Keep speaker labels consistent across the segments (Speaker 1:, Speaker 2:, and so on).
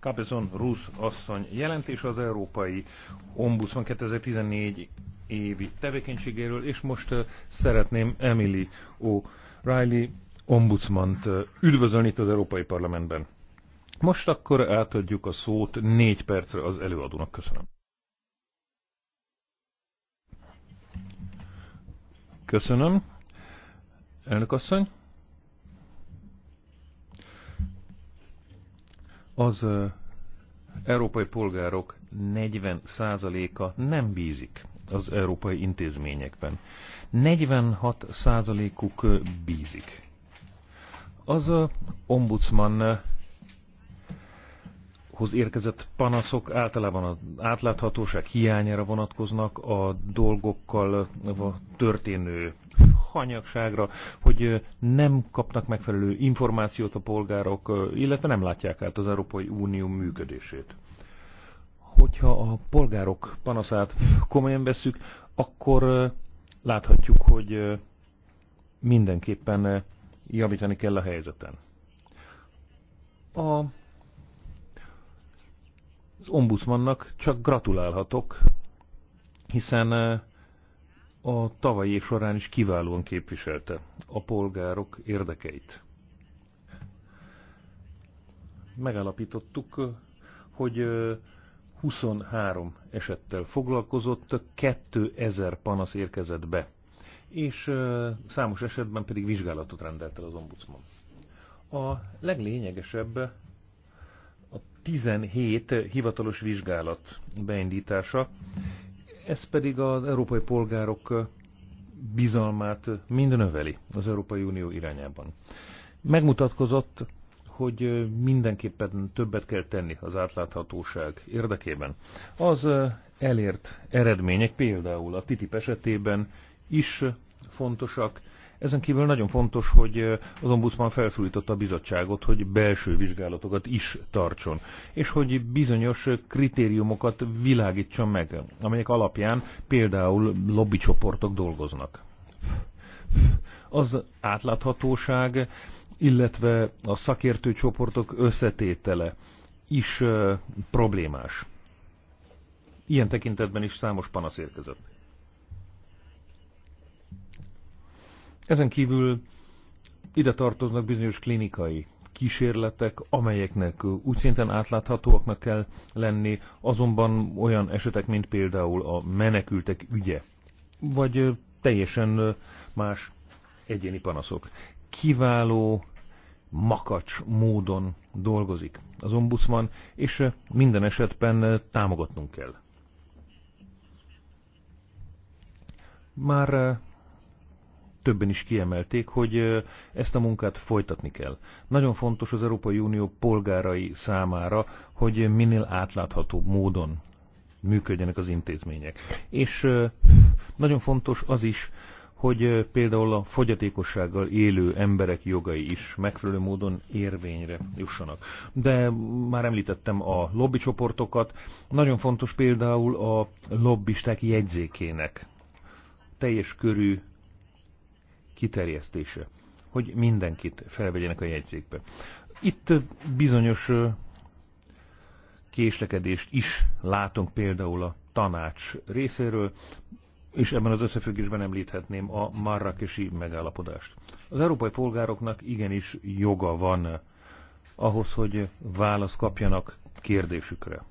Speaker 1: Capezon Rusz asszony jelentés az Európai Ombudsman 2014 évi tevékenységéről, és most szeretném Emily O'Reilly ombudsmant üdvözölni itt az Európai Parlamentben. Most akkor átadjuk a szót négy percre az előadónak. Köszönöm. Köszönöm. Elnök asszony. Az európai polgárok 40%-a nem bízik az európai intézményekben. 46%-uk bízik. Az ombudsman hoz érkezett panaszok általában az átláthatóság hiányára vonatkoznak, a dolgokkal történő hanyagságra, hogy nem kapnak megfelelő információt a polgárok, illetve nem látják át az Európai Unió működését. Hogyha a polgárok panaszát komolyan veszük, akkor láthatjuk, hogy mindenképpen javítani kell a helyzeten. A az ombudsmannak csak gratulálhatok, hiszen eh, a tavalyi év során is kiválóan képviselte a polgárok érdekeit. Megállapítottuk, hogy 23 eh, esettel foglalkozott, 2000 panasz érkezett be, és eh, számos esetben pedig vizsgálatot rendelt el az ombudsman. A leglényegesebb 17 hivatalos vizsgálat beindítása, ez pedig az európai polgárok bizalmát mind növeli az Európai Unió irányában. Megmutatkozott, hogy mindenképpen többet kell tenni az átláthatóság érdekében. Az elért eredmények például a TTIP esetében is fontosak, ezen kívül nagyon fontos, hogy az ombudsman felszólította a bizottságot, hogy belső vizsgálatokat is tartson, és hogy bizonyos kritériumokat világítson meg, amelyek alapján például lobbycsoportok dolgoznak. Az átláthatóság, illetve a szakértő csoportok összetétele is problémás. Ilyen tekintetben is számos panasz érkezett. Ezen kívül ide tartoznak bizonyos klinikai kísérletek, amelyeknek úgy szinten átláthatóaknak kell lenni, azonban olyan esetek, mint például a menekültek ügye, vagy teljesen más egyéni panaszok. Kiváló, makacs módon dolgozik az ombudsman, és minden esetben támogatnunk kell. Már többen is kiemelték, hogy ezt a munkát folytatni kell. Nagyon fontos az Európai Unió polgárai számára, hogy minél átláthatóbb módon működjenek az intézmények. És nagyon fontos az is, hogy például a fogyatékossággal élő emberek jogai is megfelelő módon érvényre jussanak. De már említettem a lobbycsoportokat. Nagyon fontos például a lobbisták jegyzékének teljes körű kiterjesztése, hogy mindenkit felvegyenek a jegyzékbe. Itt bizonyos késlekedést is látunk például a tanács részéről, és ebben az összefüggésben említhetném a marrakesi megállapodást. Az európai polgároknak igenis joga van ahhoz, hogy választ kapjanak kérdésükre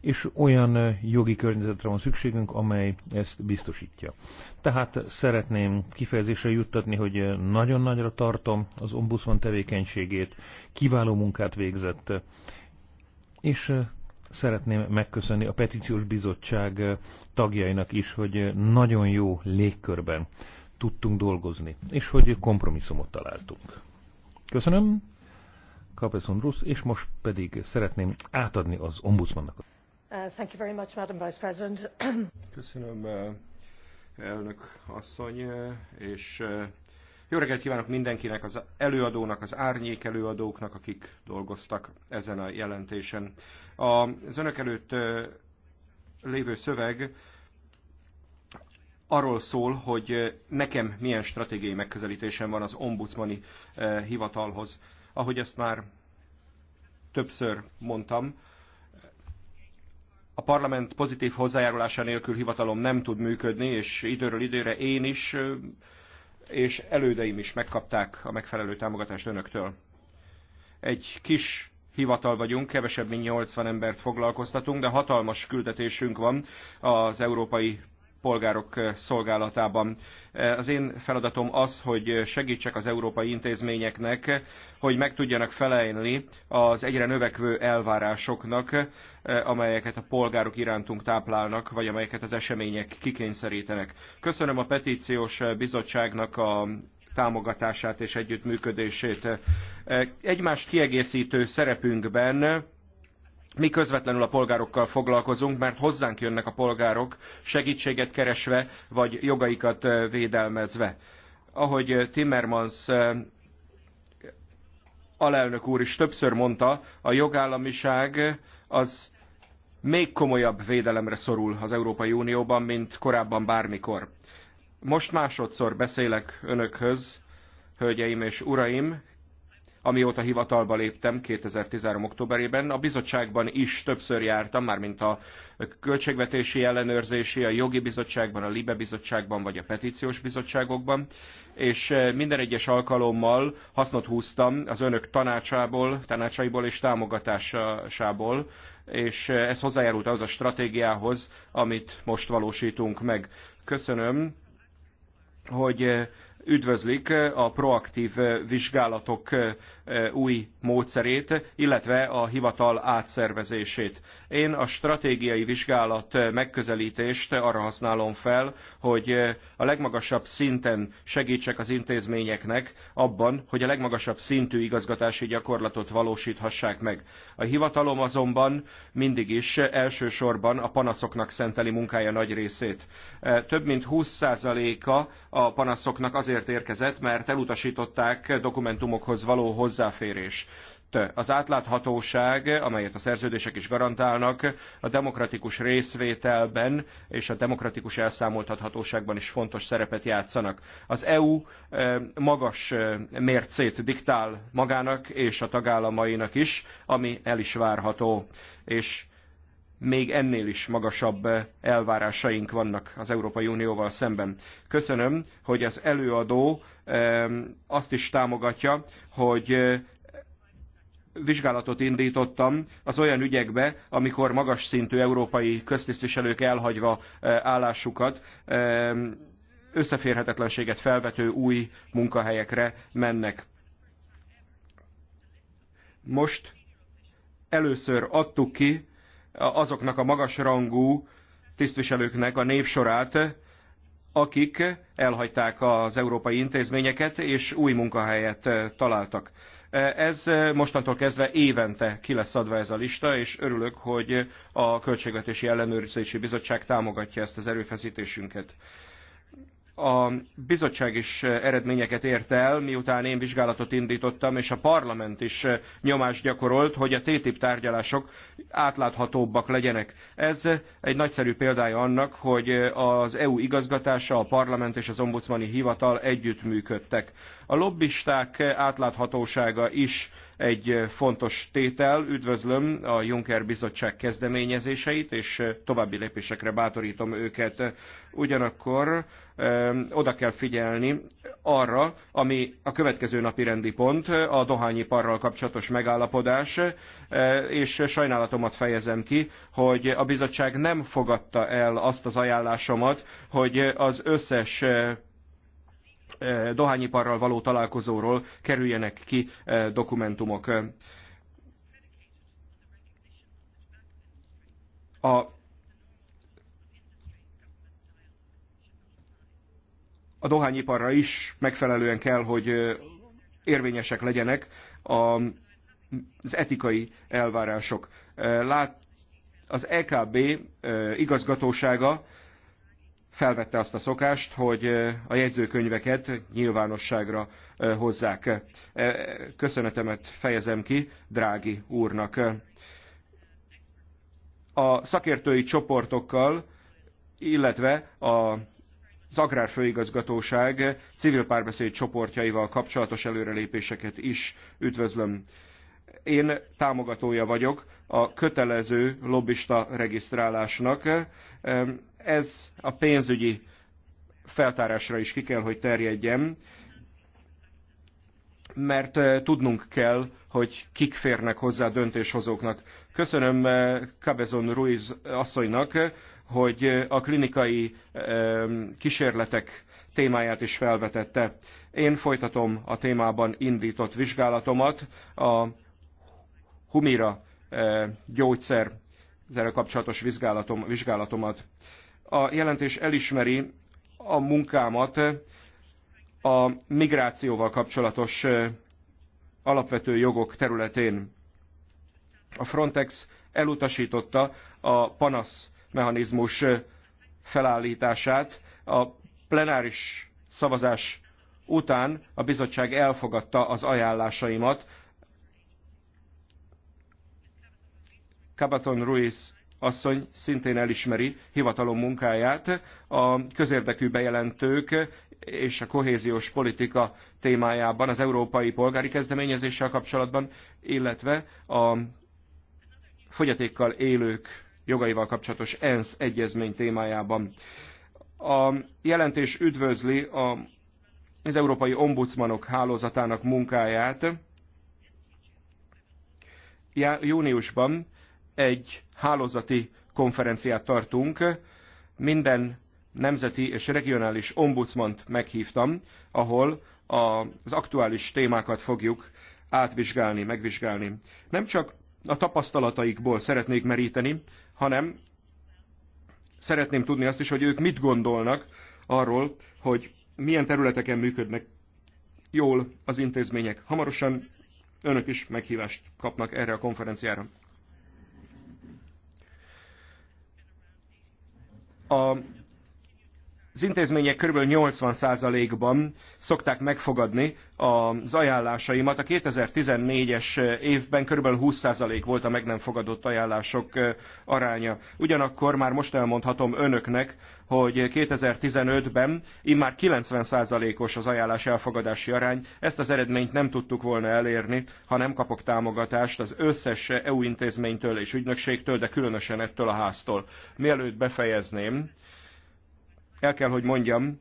Speaker 1: és olyan jogi környezetre van szükségünk, amely ezt biztosítja. Tehát szeretném kifejezésre juttatni, hogy nagyon nagyra tartom az ombudsman tevékenységét, kiváló munkát végzett, és szeretném megköszönni a petíciós bizottság tagjainak is, hogy nagyon jó légkörben tudtunk dolgozni, és hogy kompromisszumot találtunk. Köszönöm, Kapeszon Rusz, és most pedig szeretném átadni az ombudsmannak. Uh,
Speaker 2: Köszönöm, uh, elnök asszony, uh, és jó reggelt kívánok mindenkinek, az előadónak, az árnyék előadóknak, akik dolgoztak ezen a jelentésen. Az önök előtt lévő szöveg arról szól, hogy nekem milyen stratégiai megközelítésem van az ombudsmani hivatalhoz. Ahogy ezt már többször mondtam, a parlament pozitív hozzájárulása nélkül hivatalom nem tud működni, és időről időre én is, és elődeim is megkapták a megfelelő támogatást önöktől. Egy kis hivatal vagyunk, kevesebb mint 80 embert foglalkoztatunk, de hatalmas küldetésünk van az Európai polgárok eh, szolgálatában. Eh, az én feladatom az, hogy segítsek az európai intézményeknek, hogy meg tudjanak felelni az egyre növekvő elvárásoknak, eh, amelyeket a polgárok irántunk táplálnak, vagy amelyeket az események kikényszerítenek. Köszönöm a petíciós bizottságnak a támogatását és együttműködését. Egymást kiegészítő szerepünkben mi közvetlenül a polgárokkal foglalkozunk, mert hozzánk jönnek a polgárok segítséget keresve, vagy jogaikat védelmezve. Ahogy Timmermans alelnök úr is többször mondta, a jogállamiság az még komolyabb védelemre szorul az Európai Unióban, mint korábban bármikor. Most másodszor beszélek önökhöz, hölgyeim és uraim, amióta hivatalba léptem 2013. októberében. A bizottságban is többször jártam, már mint a költségvetési ellenőrzési, a jogi bizottságban, a LIBE bizottságban, vagy a petíciós bizottságokban, és eh, minden egyes alkalommal hasznot húztam az önök tanácsából, tanácsaiból és támogatásából, és eh, ez hozzájárult az a stratégiához, amit most valósítunk meg. Köszönöm, hogy eh, üdvözlik eh, a proaktív eh, vizsgálatok eh, új módszerét, illetve a hivatal átszervezését. Én a stratégiai vizsgálat megközelítést arra használom fel, hogy a legmagasabb szinten segítsek az intézményeknek abban, hogy a legmagasabb szintű igazgatási gyakorlatot valósíthassák meg. A hivatalom azonban mindig is elsősorban a panaszoknak szenteli munkája nagy részét. Több mint 20%-a a panaszoknak azért azért érkezett, mert elutasították dokumentumokhoz való hozzáférés az átláthatóság, amelyet a szerződések is garantálnak, a demokratikus részvételben és a demokratikus elszámoltathatóságban is fontos szerepet játszanak. Az EU eh, magas eh, mércét diktál magának és a tagállamainak is, ami el is várható. És még ennél is magasabb eh, elvárásaink vannak az Európai Unióval szemben. Köszönöm, hogy az előadó azt is támogatja, hogy eh, vizsgálatot indítottam az olyan ügyekbe, amikor magas szintű európai köztisztviselők elhagyva eh, állásukat összeférhetetlenséget felvető új munkahelyekre mennek. Most először adtuk ki azoknak a magasrangú tisztviselőknek a névsorát, akik elhagyták az európai intézményeket, és új munkahelyet eh, találtak. Eh, ez eh, mostantól kezdve évente ki lesz adva ez a lista, és örülök, hogy a Költségvetési Ellenőrzési Bizottság támogatja ezt az erőfeszítésünket a bizottság is eh, eredményeket ért el, miután én vizsgálatot indítottam, és a parlament is eh, nyomást gyakorolt, hogy a TTIP tárgyalások átláthatóbbak legyenek. Ez eh, egy nagyszerű példája annak, hogy az EU igazgatása, a parlament és az ombudsmani hivatal együttműködtek. A lobbisták átláthatósága is egy fontos tétel. Üdvözlöm a Juncker Bizottság kezdeményezéseit, és további lépésekre bátorítom őket. Ugyanakkor oda kell figyelni arra, ami a következő napi rendi pont, a dohányiparral kapcsolatos megállapodás, és sajnálatomat fejezem ki, hogy a bizottság nem fogadta el azt az ajánlásomat, hogy az összes dohányiparral való találkozóról kerüljenek ki dokumentumok. A a dohányiparra is megfelelően kell, hogy érvényesek legyenek az etikai elvárások. Lát, az EKB igazgatósága felvette azt a szokást, hogy a jegyzőkönyveket nyilvánosságra hozzák. Köszönetemet fejezem ki Drági úrnak. A szakértői csoportokkal, illetve a az Agrárfőigazgatóság civil párbeszéd csoportjaival kapcsolatos előrelépéseket is üdvözlöm. Én támogatója vagyok a kötelező lobbista regisztrálásnak. Ez a pénzügyi feltárásra is ki kell, hogy terjedjen, mert eh, tudnunk kell, hogy kik férnek hozzá a döntéshozóknak. Köszönöm eh, Cabezon Ruiz asszonynak, hogy eh, a klinikai kísérletek témáját is felvetette. Én folytatom a témában indított vizsgálatomat a Humira eh, gyógyszer, ezzel kapcsolatos vizsgálatom, vizsgálatomat. A jelentés elismeri a munkámat a migrációval kapcsolatos eh, alapvető jogok területén. A Frontex elutasította a panasz mechanizmus eh, felállítását. A plenáris szavazás után a bizottság elfogadta az ajánlásaimat Cabaton Ruiz asszony szintén elismeri hivatalom munkáját, a közérdekű bejelentők és a kohéziós politika témájában, az európai polgári kezdeményezéssel kapcsolatban, illetve a fogyatékkal élők jogaival kapcsolatos ENSZ egyezmény témájában. A jelentés üdvözli a, az Európai Ombudsmanok hálózatának munkáját. Júniusban egy hálózati konferenciát tartunk. Minden nemzeti és regionális ombudsmant meghívtam, ahol az aktuális témákat fogjuk átvizsgálni, megvizsgálni. Nem csak a tapasztalataikból szeretnék meríteni, hanem szeretném tudni azt is, hogy ők mit gondolnak arról, hogy milyen területeken működnek jól az intézmények. Hamarosan önök is meghívást kapnak erre a konferenciára. a az intézmények kb. 80%-ban szokták megfogadni az ajánlásaimat. A 2014-es évben kb. 20% volt a meg nem fogadott ajánlások aránya. Ugyanakkor már most elmondhatom önöknek, hogy 2015-ben immár 90%-os az ajánlás elfogadási arány. Ezt az eredményt nem tudtuk volna elérni, ha nem kapok támogatást az összes EU intézménytől és ügynökségtől, de különösen ettől a háztól. Mielőtt befejezném, el kell, hogy mondjam,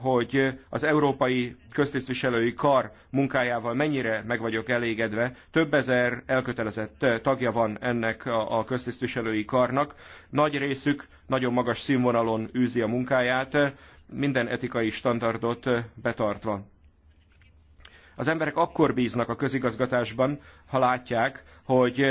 Speaker 2: hogy az európai köztisztviselői kar munkájával mennyire meg vagyok elégedve. Több ezer elkötelezett tagja van ennek a köztisztviselői karnak. Nagy részük nagyon magas színvonalon űzi a munkáját, minden etikai standardot betartva. Az emberek akkor bíznak a közigazgatásban, ha látják, hogy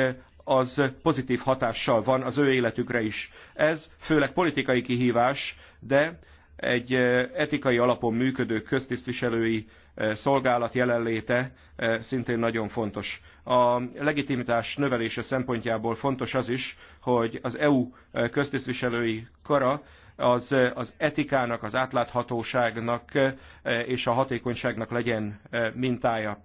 Speaker 2: az pozitív hatással van az ő életükre is. Ez főleg politikai kihívás, de egy eh, etikai alapon működő köztisztviselői eh, szolgálat jelenléte eh, szintén nagyon fontos. A legitimitás növelése szempontjából fontos az is, hogy az EU köztisztviselői kara az, az etikának, az átláthatóságnak és a hatékonyságnak legyen mintája.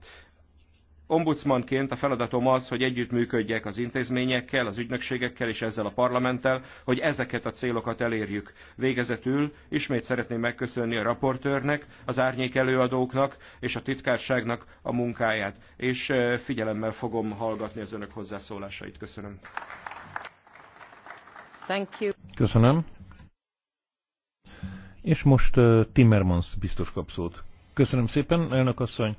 Speaker 2: Ombudsmanként a feladatom az, hogy együttműködjek az intézményekkel, az ügynökségekkel és ezzel a parlamenttel, hogy ezeket a célokat elérjük. Végezetül ismét szeretném megköszönni a raportőrnek, az árnyék előadóknak és a titkárságnak a munkáját, és figyelemmel fogom hallgatni az önök hozzászólásait. Köszönöm.
Speaker 1: Thank you. Köszönöm. És most Timmermans biztos kap szót. Köszönöm szépen, elnök asszony.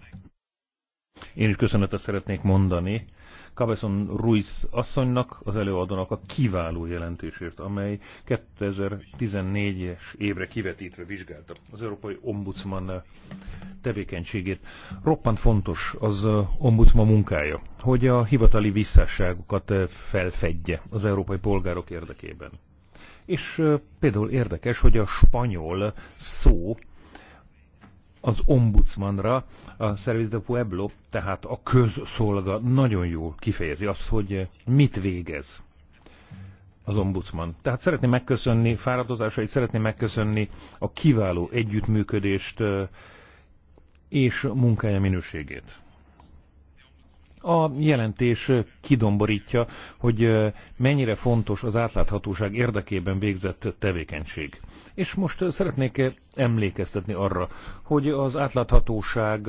Speaker 1: Én is köszönetet szeretnék mondani Cabezon Ruiz asszonynak, az előadónak a kiváló jelentésért, amely 2014-es évre kivetítve vizsgálta az Európai Ombudsman tevékenységét. Roppant fontos az ombudsman munkája, hogy a hivatali visszásságokat felfedje az európai polgárok érdekében. És például érdekes, hogy a spanyol szó az ombudsmanra, a Service de Pueblo, tehát a közszolga nagyon jól kifejezi azt, hogy mit végez az ombudsman. Tehát szeretném megköszönni fáradozásait, szeretném megköszönni a kiváló együttműködést és munkája minőségét. A jelentés kidomborítja, hogy mennyire fontos az átláthatóság érdekében végzett tevékenység. És most szeretnék emlékeztetni arra, hogy az átláthatóság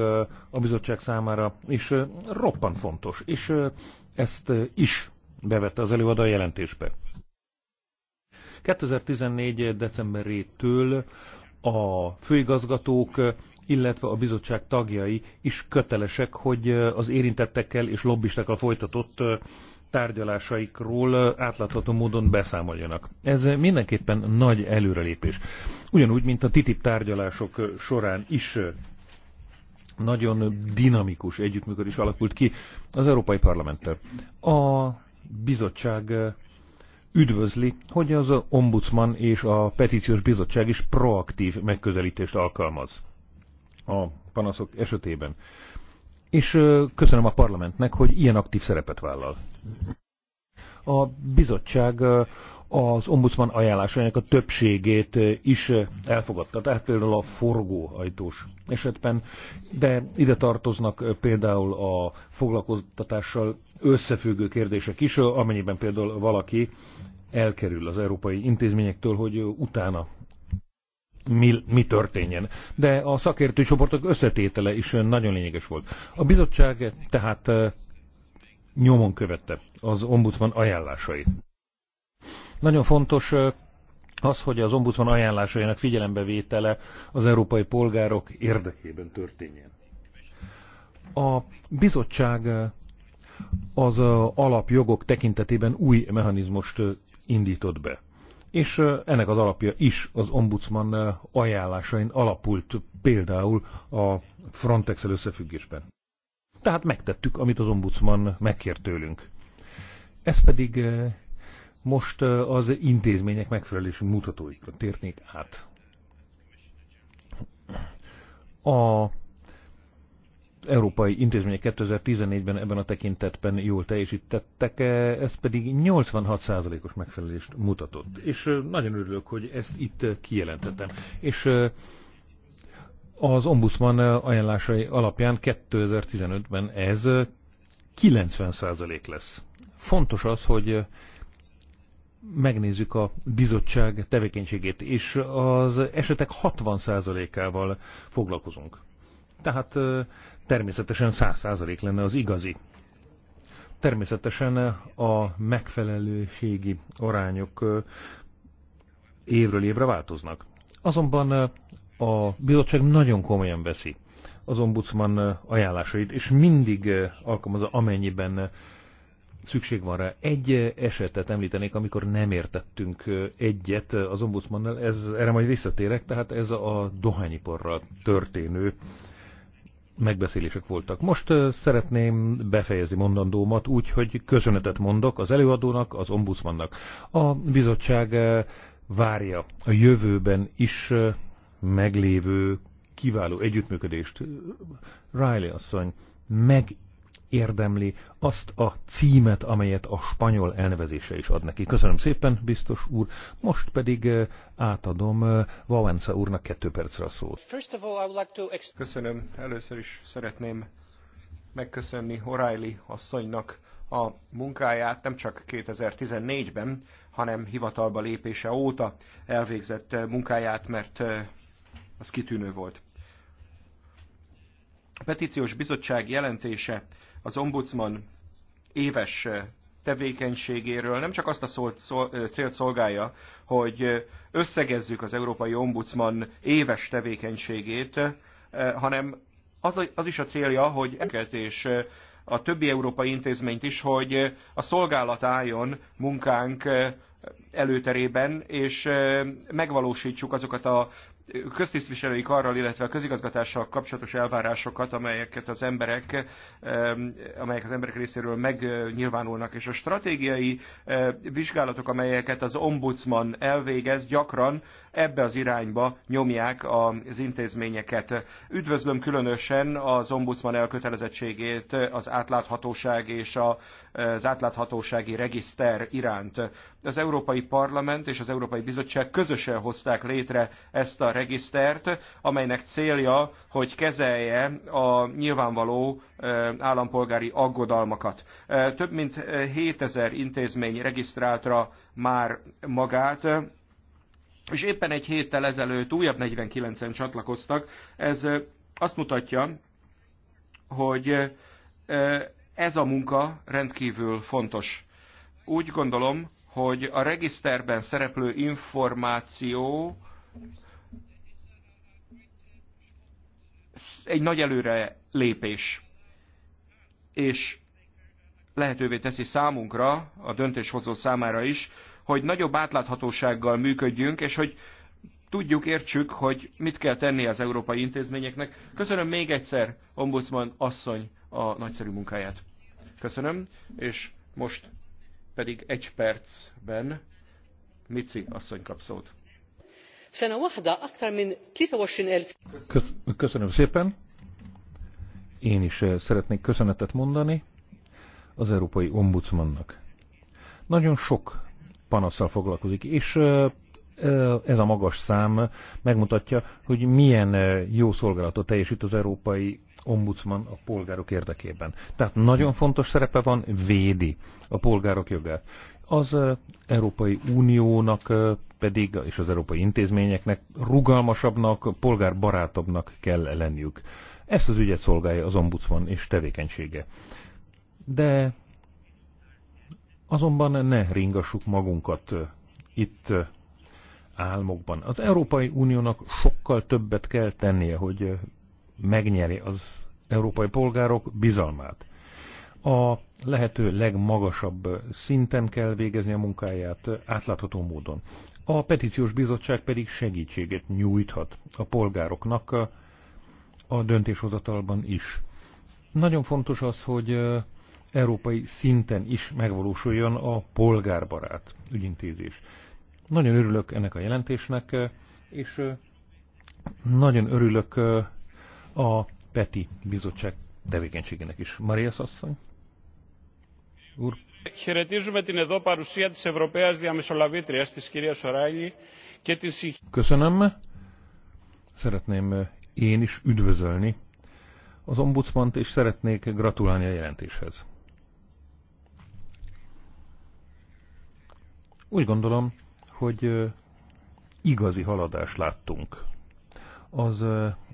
Speaker 1: a bizottság számára is roppan fontos, és ezt is bevette az előadó a jelentésbe. 2014. decemberétől a főigazgatók illetve a bizottság tagjai is kötelesek, hogy az érintettekkel és lobbistekkel folytatott tárgyalásaikról átlátható módon beszámoljanak. Ez mindenképpen nagy előrelépés. Ugyanúgy, mint a TTIP tárgyalások során is nagyon dinamikus együttműködés alakult ki az Európai Parlamenttel. A bizottság üdvözli, hogy az ombudsman és a petíciós bizottság is proaktív megközelítést alkalmaz a panaszok esetében. És köszönöm a parlamentnek, hogy ilyen aktív szerepet vállal. A bizottság az ombudsman ajánlásainak a többségét is elfogadta. Tehát például a forgóajtós esetben, de ide tartoznak például a foglalkoztatással összefüggő kérdések is, amennyiben például valaki elkerül az európai intézményektől, hogy utána mi, mi történjen. De a szakértő csoportok összetétele is nagyon lényeges volt. A bizottság tehát nyomon követte az ombudsman ajánlásait. Nagyon fontos az, hogy az ombudsman ajánlásainak figyelembevétele az európai polgárok érdekében történjen. A bizottság az alapjogok tekintetében új mechanizmust indított be és ennek az alapja is az ombudsman ajánlásain alapult például a frontex összefüggésben. Tehát megtettük, amit az ombudsman megkért tőlünk. Ez pedig most az intézmények megfelelési mutatóikra térnék át. A európai intézmények 2014-ben ebben a tekintetben jól teljesítettek, e, ez pedig 86%-os megfelelést mutatott. És nagyon örülök, hogy ezt itt kijelentettem. És az ombudsman ajánlásai alapján 2015-ben ez 90% lesz. Fontos az, hogy megnézzük a bizottság tevékenységét, és az esetek 60%-ával foglalkozunk tehát természetesen százalék lenne az igazi. Természetesen a megfelelőségi arányok évről évre változnak. Azonban a bizottság nagyon komolyan veszi az ombudsman ajánlásait, és mindig alkalmazza, amennyiben szükség van rá. Egy esetet említenék, amikor nem értettünk egyet az ombudsmannal, ez, erre majd visszatérek, tehát ez a dohányiporral történő megbeszélések voltak. Most szeretném befejezni mondandómat úgy, hogy köszönetet mondok az előadónak, az ombudsmannak. A bizottság várja a jövőben is meglévő kiváló együttműködést. Riley asszony, meg Érdemli azt a címet, amelyet a spanyol elnevezése is ad neki. Köszönöm szépen, biztos úr. Most pedig eh, átadom Valenca eh, úrnak kettő percre a szót.
Speaker 2: Köszönöm. Először is szeretném megköszönni O'Reilly asszonynak a munkáját nem csak 2014-ben, hanem hivatalba lépése óta elvégzett eh, munkáját, mert az kitűnő volt. A petíciós bizottság jelentése az ombudsman éves eh, tevékenységéről nem csak azt a szolt, szol, eh, célt szolgálja, hogy eh, összegezzük az Európai Ombudsman éves tevékenységét, hanem az, az is a célja, hogy őket és a többi európai intézményt is, hogy a szolgálat álljon munkánk előterében, és megvalósítsuk azokat a köztisztviselőik arral, illetve a közigazgatással kapcsolatos elvárásokat, amelyeket az emberek, amelyek az emberek részéről megnyilvánulnak. És a stratégiai vizsgálatok, amelyeket az ombudsman elvégez, gyakran ebbe az irányba nyomják az intézményeket. Üdvözlöm különösen az ombudsman elkötelezettségét az átláthatóság és az átláthatósági regiszter iránt. Az Európai Parlament és az Európai Bizottság közösen hozták létre ezt a regisztert, amelynek célja, hogy kezelje a nyilvánvaló állampolgári aggodalmakat. Több mint 7000 intézmény regisztráltra már magát, és éppen egy héttel ezelőtt újabb 49-en csatlakoztak. Ez azt mutatja, hogy ez a munka rendkívül fontos. Úgy gondolom, hogy a regiszterben szereplő információ egy nagy előre lépés, és lehetővé teszi számunkra, a döntéshozó számára is, hogy nagyobb átláthatósággal működjünk, és hogy tudjuk, értsük, hogy mit kell tenni az európai intézményeknek. Köszönöm még egyszer, ombudsman asszony, a nagyszerű munkáját. Köszönöm, és most pedig egy percben Mici asszony kap szót.
Speaker 1: Köszönöm szépen. Én is eh, szeretnék köszönetet mondani az Európai Ombudsmannak. Nagyon sok panaszsal foglalkozik, és ez a magas szám megmutatja, hogy milyen jó szolgálatot teljesít az Európai Ombudsman a polgárok érdekében. Tehát nagyon fontos szerepe van, védi a polgárok jogát. Az Európai Uniónak pedig, és az európai intézményeknek rugalmasabbnak, polgárbarátabbnak kell lenniük. Ezt az ügyet szolgálja az ombudsman és tevékenysége. De Azonban ne ringassuk magunkat itt álmokban. Az Európai Uniónak sokkal többet kell tennie, hogy megnyeri az európai polgárok bizalmát. A lehető legmagasabb szinten kell végezni a munkáját átlátható módon. A petíciós bizottság pedig segítséget nyújthat a polgároknak a döntéshozatalban is. Nagyon fontos az, hogy európai szinten is megvalósuljon a polgárbarát ügyintézés. Nagyon örülök ennek a jelentésnek, és nagyon örülök a PETI bizottság tevékenységének is. Maria Sasszony? Úr? Χαιρετίζουμε
Speaker 2: την εδώ παρουσία της Ευρωπαίας Διαμεσολαβήτριας, της κυρίας Οράιλη και την
Speaker 1: Köszönöm. Szeretném én is üdvözölni az ombudsmant, és szeretnék gratulálni a jelentéshez. Úgy gondolom, hogy igazi haladást láttunk az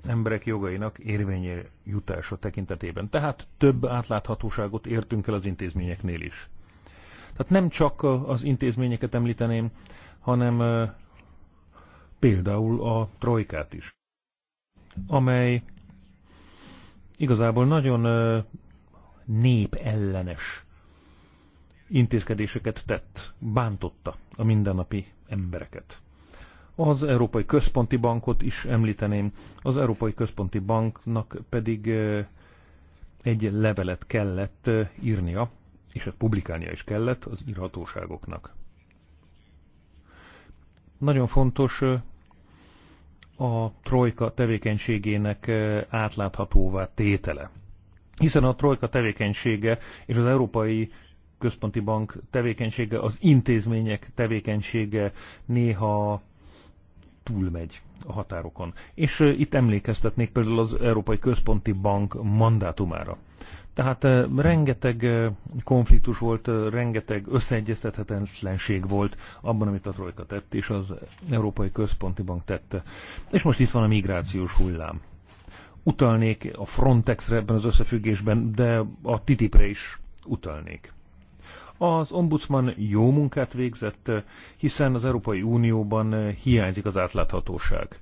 Speaker 1: emberek jogainak érvényére jutása tekintetében. Tehát több átláthatóságot értünk el az intézményeknél is. Tehát nem csak az intézményeket említeném, hanem például a trojkát is, amely igazából nagyon népellenes intézkedéseket tett, bántotta a mindennapi embereket. Az Európai Központi Bankot is említeném, az Európai Központi Banknak pedig egy levelet kellett írnia, és ezt publikálnia is kellett az írhatóságoknak. Nagyon fontos a trojka tevékenységének átláthatóvá tétele. Hiszen a trojka tevékenysége és az európai központi bank tevékenysége, az intézmények tevékenysége néha túlmegy a határokon. És itt emlékeztetnék például az Európai Központi Bank mandátumára. Tehát rengeteg konfliktus volt, rengeteg összeegyeztethetetlenség volt abban, amit a Trojka tett, és az Európai Központi Bank tette. És most itt van a migrációs hullám. Utalnék a Frontexre ebben az összefüggésben, de a TTIP-re is utalnék. Az ombudsman jó munkát végzett, hiszen az Európai Unióban eh, hiányzik az átláthatóság.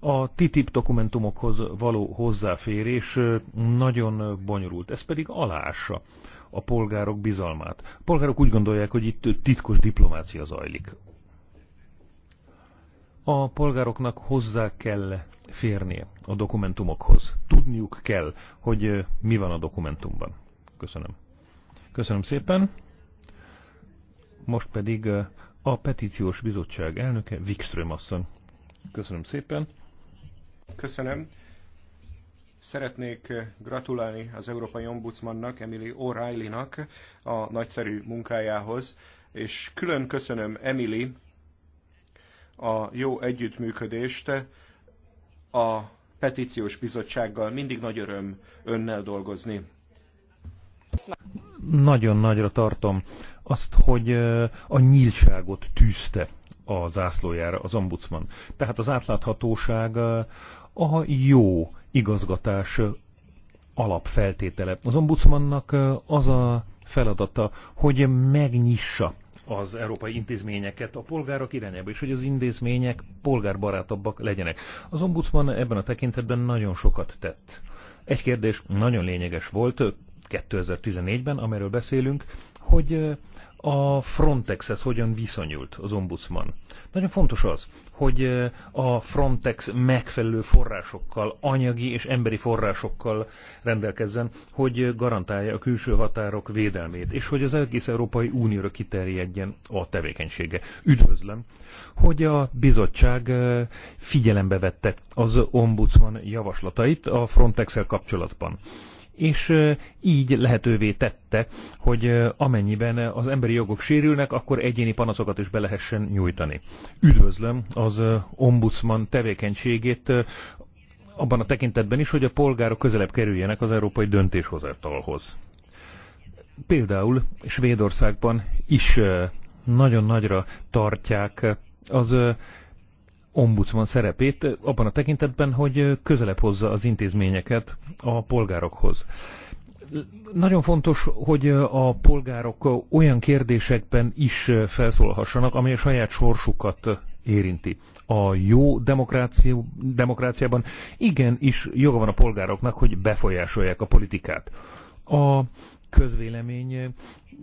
Speaker 1: A TTIP dokumentumokhoz való hozzáférés eh, nagyon bonyolult, ez pedig alássa a polgárok bizalmát. A polgárok úgy gondolják, hogy itt titkos diplomácia zajlik. A polgároknak hozzá kell férnie a dokumentumokhoz. Tudniuk kell, hogy eh, mi van a dokumentumban. Köszönöm. Köszönöm szépen. Most pedig a petíciós bizottság elnöke Wikström asszony. Köszönöm szépen.
Speaker 2: Köszönöm. Szeretnék gratulálni az Európai Ombudsmannak, Emily O'Reilly-nak a nagyszerű munkájához, és külön köszönöm Emily a jó együttműködést a petíciós bizottsággal. Mindig nagy öröm önnel dolgozni
Speaker 1: nagyon nagyra tartom azt, hogy a nyíltságot tűzte a zászlójára az ombudsman. Tehát az átláthatóság a jó igazgatás alapfeltétele. Az ombudsmannak az a feladata, hogy megnyissa az európai intézményeket a polgárok irányába, és hogy az intézmények polgárbarátabbak legyenek. Az ombudsman ebben a tekintetben nagyon sokat tett. Egy kérdés nagyon lényeges volt, 2014-ben, amiről beszélünk, hogy a Frontexhez hogyan viszonyult az ombudsman. Nagyon fontos az, hogy a Frontex megfelelő forrásokkal, anyagi és emberi forrásokkal rendelkezzen, hogy garantálja a külső határok védelmét, és hogy az egész Európai Unióra kiterjedjen a tevékenysége. Üdvözlöm, hogy a bizottság figyelembe vette az ombudsman javaslatait a Frontex-el kapcsolatban és így lehetővé tette, hogy amennyiben az emberi jogok sérülnek, akkor egyéni panaszokat is be lehessen nyújtani. Üdvözlöm az ombudsman tevékenységét abban a tekintetben is, hogy a polgárok közelebb kerüljenek az európai döntéshozatalhoz. Például Svédországban is nagyon nagyra tartják az ombudsman szerepét abban a tekintetben, hogy közelebb hozza az intézményeket a polgárokhoz. Nagyon fontos, hogy a polgárok olyan kérdésekben is felszólhassanak, ami a saját sorsukat érinti. A jó demokrácia, demokráciában igenis joga van a polgároknak, hogy befolyásolják a politikát. A közvélemény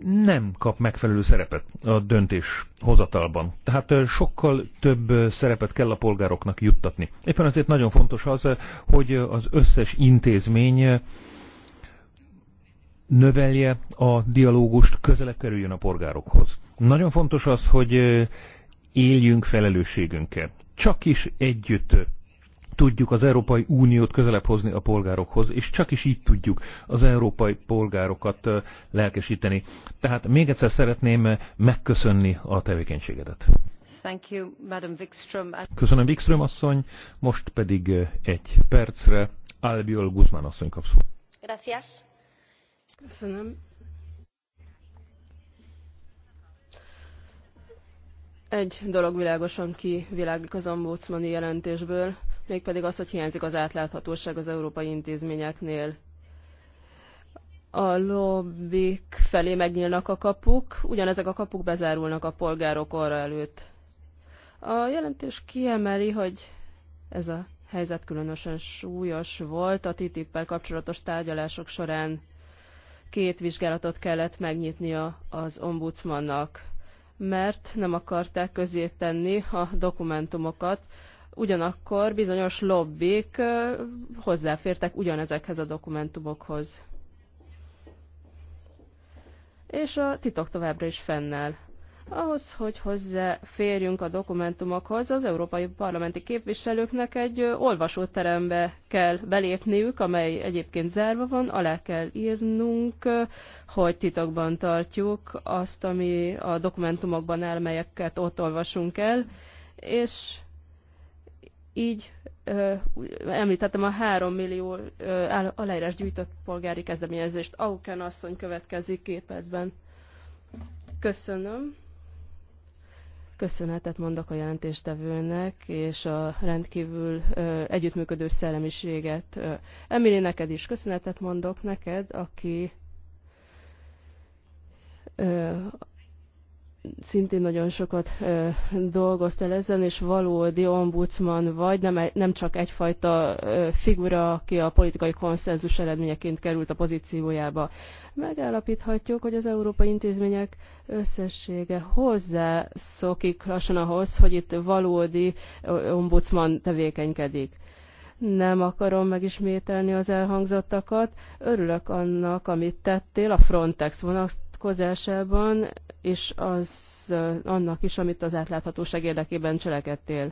Speaker 1: nem kap megfelelő szerepet a döntés hozatalban. Tehát sokkal több szerepet kell a polgároknak juttatni. Éppen azért nagyon fontos az, hogy az összes intézmény növelje a dialógust, közelebb kerüljön a polgárokhoz. Nagyon fontos az, hogy éljünk felelősségünkkel. Csak is együtt tudjuk az Európai Uniót közelebb hozni a polgárokhoz, és csak is így tudjuk az európai polgárokat lelkesíteni. Tehát még egyszer szeretném megköszönni a tevékenységedet.
Speaker 3: Thank you, Madam Wikström.
Speaker 1: Köszönöm, Wikström asszony. Most pedig egy percre Albiol Guzmán asszony kap szó.
Speaker 4: Gracias. Köszönöm. Egy dolog világosan kiviláglik az ombudsmani jelentésből mégpedig az, hogy hiányzik az átláthatóság az európai intézményeknél. A lobbik felé megnyílnak a kapuk, ugyanezek a kapuk bezárulnak a polgárok orra előtt. A jelentés kiemeli, hogy ez a helyzet különösen súlyos volt a TTIP-pel kapcsolatos tárgyalások során. Két vizsgálatot kellett megnyitnia az ombudsmannak, mert nem akarták közé tenni a dokumentumokat, ugyanakkor bizonyos lobbik hozzáfértek ugyanezekhez a dokumentumokhoz. És a titok továbbra is fennel. Ahhoz, hogy hozzáférjünk a dokumentumokhoz, az európai parlamenti képviselőknek egy olvasóterembe kell belépniük, amely egyébként zárva van, alá kell írnunk, hogy titokban tartjuk azt, ami a dokumentumokban áll, melyeket ott olvasunk el, és így ö, említettem a 3 millió ö, aláírás gyűjtött polgári kezdeményezést. Auken asszony következik két percben. Köszönöm. Köszönetet mondok a jelentéstevőnek, és a rendkívül ö, együttműködő szellemiséget. Emily, neked is köszönetet mondok, neked, aki szintén nagyon sokat ö, dolgoztál ezen, és valódi ombudsman vagy, nem, nem csak egyfajta ö, figura, aki a politikai konszenzus eredményeként került a pozíciójába. Megállapíthatjuk, hogy az európai intézmények összessége hozzászokik lassan ahhoz, hogy itt valódi ombudsman tevékenykedik. Nem akarom megismételni az elhangzottakat. Örülök annak, amit tettél a Frontex vonat vonatkozásában, és az annak is, amit az átláthatóság érdekében cselekedtél.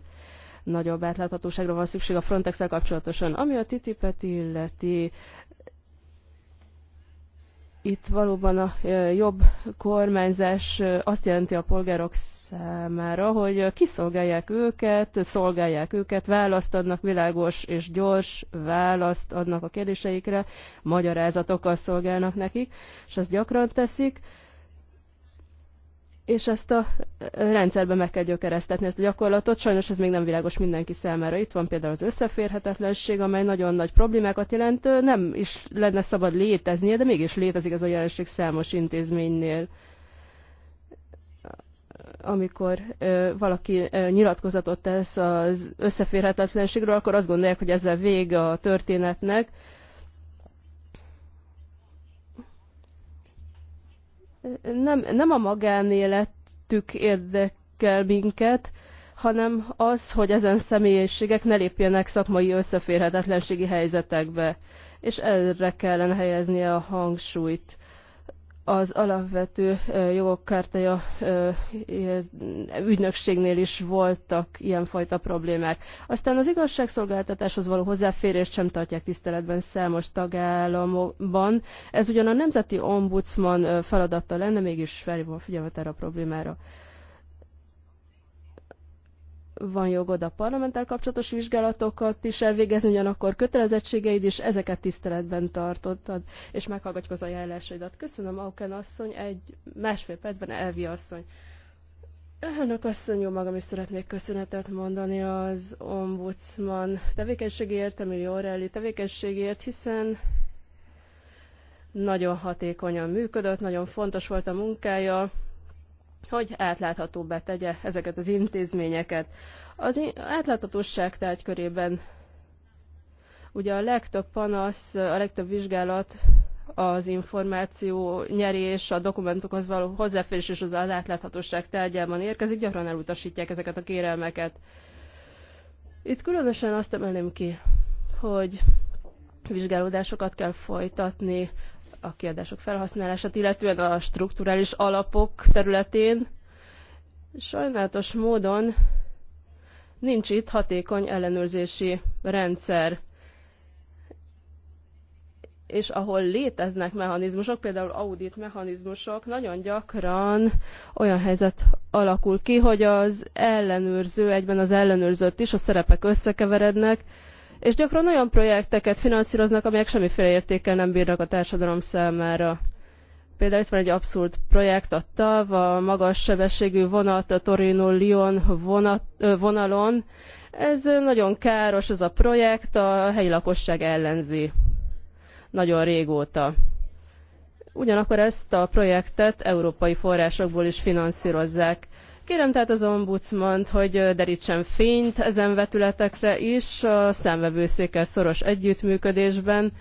Speaker 4: Nagyobb átláthatóságra van szükség a frontex kapcsolatosan. Ami a titipet illeti, itt valóban a jobb kormányzás azt jelenti a polgárok számára, hogy kiszolgálják őket, szolgálják őket, választ adnak, világos és gyors választ adnak a kérdéseikre, magyarázatokkal szolgálnak nekik, és ezt gyakran teszik, és ezt a rendszerbe meg kell gyökeresztetni, ezt a gyakorlatot. Sajnos ez még nem világos mindenki számára. Itt van például az összeférhetetlenség, amely nagyon nagy problémákat jelent. Nem is lenne szabad léteznie, de mégis létezik ez a jelenség számos intézménynél amikor valaki nyilatkozatot tesz az összeférhetetlenségről, akkor azt gondolják, hogy ezzel vég a történetnek. Nem, nem a magánéletük érdekel minket, hanem az, hogy ezen személyiségek ne lépjenek szakmai összeférhetetlenségi helyzetekbe. És erre kellene helyezni a hangsúlyt az alapvető jogok kártája ügynökségnél is voltak ilyenfajta problémák. Aztán az igazságszolgáltatáshoz való hozzáférést sem tartják tiszteletben számos tagállamokban. Ez ugyan a nemzeti ombudsman feladata lenne, mégis felhívom a figyelmet erre a problémára van jogod a parlamenttel kapcsolatos vizsgálatokat is elvégezni, ugyanakkor kötelezettségeid is, ezeket tiszteletben tartottad, és meghallgatjuk az ajánlásaidat. Köszönöm, Auken asszony, egy másfél percben Elvi asszony. Önök asszony, jó magam is szeretnék köszönetet mondani az ombudsman tevékenységért, Emilio Orelli tevékenységért, hiszen nagyon hatékonyan működött, nagyon fontos volt a munkája, hogy átláthatóbbá tegye ezeket az intézményeket. Az átláthatóság tárgykörében ugye a legtöbb panasz, a legtöbb vizsgálat az információ nyerés, a dokumentumokhoz való hozzáférés és az átláthatóság tárgyában érkezik, gyakran elutasítják ezeket a kérelmeket. Itt különösen azt emelném ki, hogy vizsgálódásokat kell folytatni a kiadások felhasználását, illetően a strukturális alapok területén. Sajnálatos módon nincs itt hatékony ellenőrzési rendszer. És ahol léteznek mechanizmusok, például audit mechanizmusok, nagyon gyakran olyan helyzet alakul ki, hogy az ellenőrző egyben az ellenőrzött is, a szerepek összekeverednek, és gyakran olyan projekteket finanszíroznak, amelyek semmiféle értékkel nem bírnak a társadalom számára. Például itt van egy abszurd projekt, a TAV, a magas sebességű vonat, a Torino-Lyon vonalon. Ez nagyon káros, ez a projekt, a helyi lakosság ellenzi. Nagyon régóta. Ugyanakkor ezt a projektet európai forrásokból is finanszírozzák. Kérem tehát az ombudsmant, hogy derítsen fényt ezen vetületekre is a szemvevőszékkel szoros együttműködésben,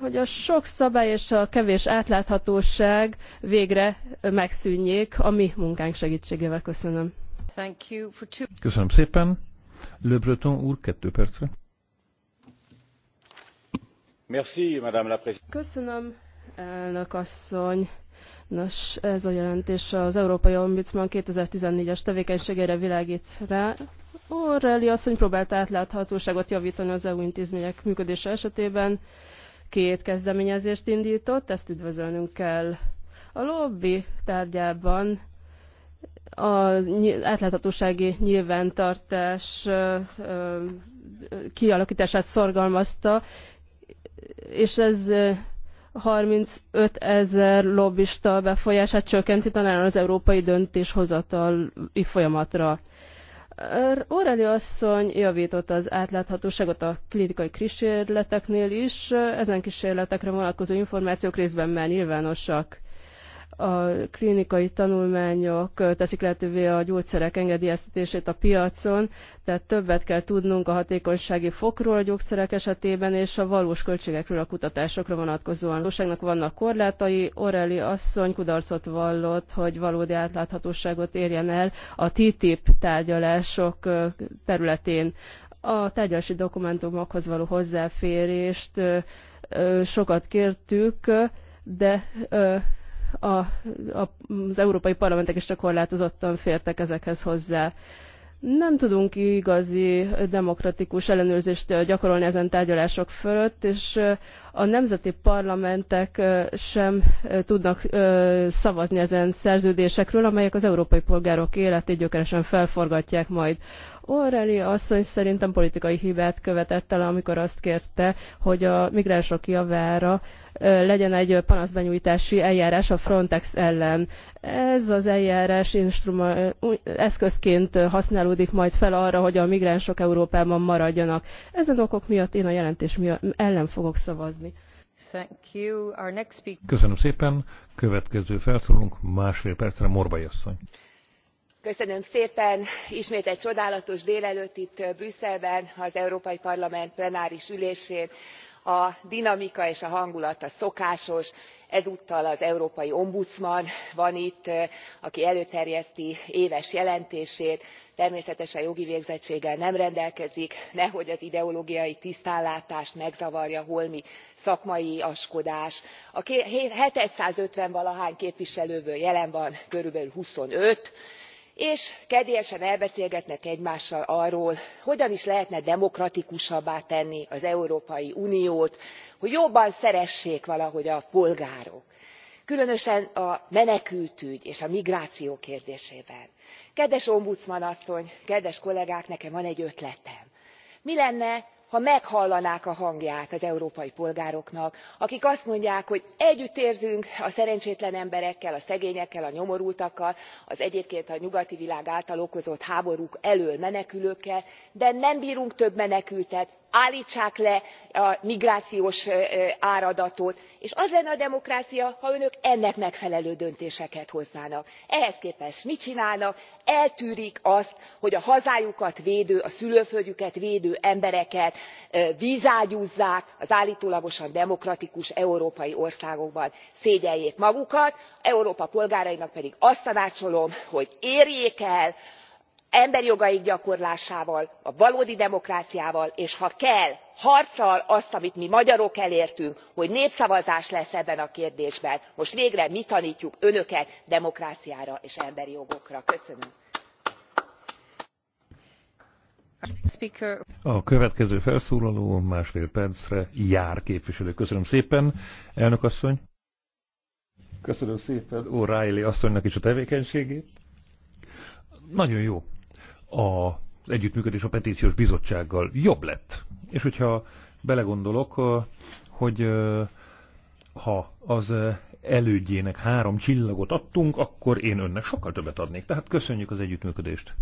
Speaker 4: hogy a sok szabály és a kevés átláthatóság végre megszűnjék a mi munkánk segítségével. Köszönöm.
Speaker 1: Köszönöm szépen. Le Breton úr, kettő percre.
Speaker 4: Köszönöm, elnök asszony. Nos, ez a jelentés az Európai Ombudsman 2014-es tevékenységére világít rá. Orreli asszony próbált átláthatóságot javítani az EU intézmények működése esetében. Két kezdeményezést indított, ezt üdvözölnünk kell. A lobby tárgyában A átláthatósági nyilvántartás kialakítását szorgalmazta, és ez 35 ezer lobbista befolyását csökkenti talán az európai döntéshozatali folyamatra. Er, Aureli asszony javította az átláthatóságot a klinikai kísérleteknél is, ezen kísérletekre vonatkozó információk részben már nyilvánosak a klinikai tanulmányok teszik lehetővé a gyógyszerek engedélyeztetését a piacon, tehát többet kell tudnunk a hatékonysági fokról a gyógyszerek esetében, és a valós költségekről a kutatásokra vonatkozóan. Valóságnak vannak korlátai, Oreli asszony kudarcot vallott, hogy valódi átláthatóságot érjen el a TTIP tárgyalások területén. A tárgyalási dokumentumokhoz való hozzáférést sokat kértük, de a, a, az európai parlamentek is csak korlátozottan fértek ezekhez hozzá. Nem tudunk igazi demokratikus ellenőrzést gyakorolni ezen tárgyalások fölött, és a nemzeti parlamentek sem tudnak szavazni ezen szerződésekről, amelyek az európai polgárok életét gyökeresen felforgatják majd. Orreli asszony szerintem politikai hibát követett el, amikor azt kérte, hogy a migránsok javára legyen egy panaszbenyújtási eljárás a Frontex ellen. Ez az eljárás eszközként használódik majd fel arra, hogy a migránsok Európában maradjanak. Ezen okok miatt én a jelentés miatt ellen fogok szavazni.
Speaker 3: Köszönöm
Speaker 1: szépen. Következő felszólunk másfél percre Morvai asszony.
Speaker 3: Köszönöm szépen. Ismét egy csodálatos délelőtt itt Brüsszelben, az Európai Parlament plenáris ülésén a dinamika és a hangulat a szokásos ezúttal az európai ombudsman van itt aki előterjeszti éves jelentését természetesen jogi végzettséggel nem rendelkezik nehogy az ideológiai tisztánlátást megzavarja holmi szakmaiaskodás. a seven hundred and fifty valahány képviselőből jelen van körülbelül twenty five és kedélyesen elbeszélgetnek egymással arról hogyan is lehetne demokratikusabbá tenni az európai uniót hogy jobban szeressék valahogy a polgárok különösen a menekültügy és a migráció kérdésében. kedves ombudsman asszony kedves kollégák nekem van egy ötletem mi lenne ha meghallanák a hangját az európai polgároknak akik azt mondják hogy együtt érzünk a szerencsétlen emberekkel a szegényekkel a nyomorultakkal az egyébként a nyugati világ által okozott háborúk elől menekülőkkel de nem brunk több menekültet álltsák le a migrációs áradatot és az lenne a demokrácia ha önök ennek megfelelő döntéseket hoznának. ehhez képest mit csinálnak eltűrik azt hogy a hazájukat védő a szülőföldjüket védő embereket vzágyúzzák az álltólagosan demokratikus európai országokban. szégyelljék magukat európa polgárainak pedig azt tanácsolom hogy érjék el emberi jogaik gyakorlásával a valódi demokráciával és ha kell harccal azt amit mi magyarok elértünk hogy népszavazás lesz ebben a kérdésben. most végre mi tantjuk önöket demokráciára és emberi jogokra. köszönöm.
Speaker 1: A következő felszólaló másfél percre jár szépen, asszony. szépen asszonynak is a tevékenységét. Nagyon jó a együttműködés a petíciós bizottsággal jobb lett. És hogyha belegondolok, hogy ha az elődjének három csillagot adtunk, akkor én önnek sokkal többet adnék. Tehát köszönjük az együttműködést.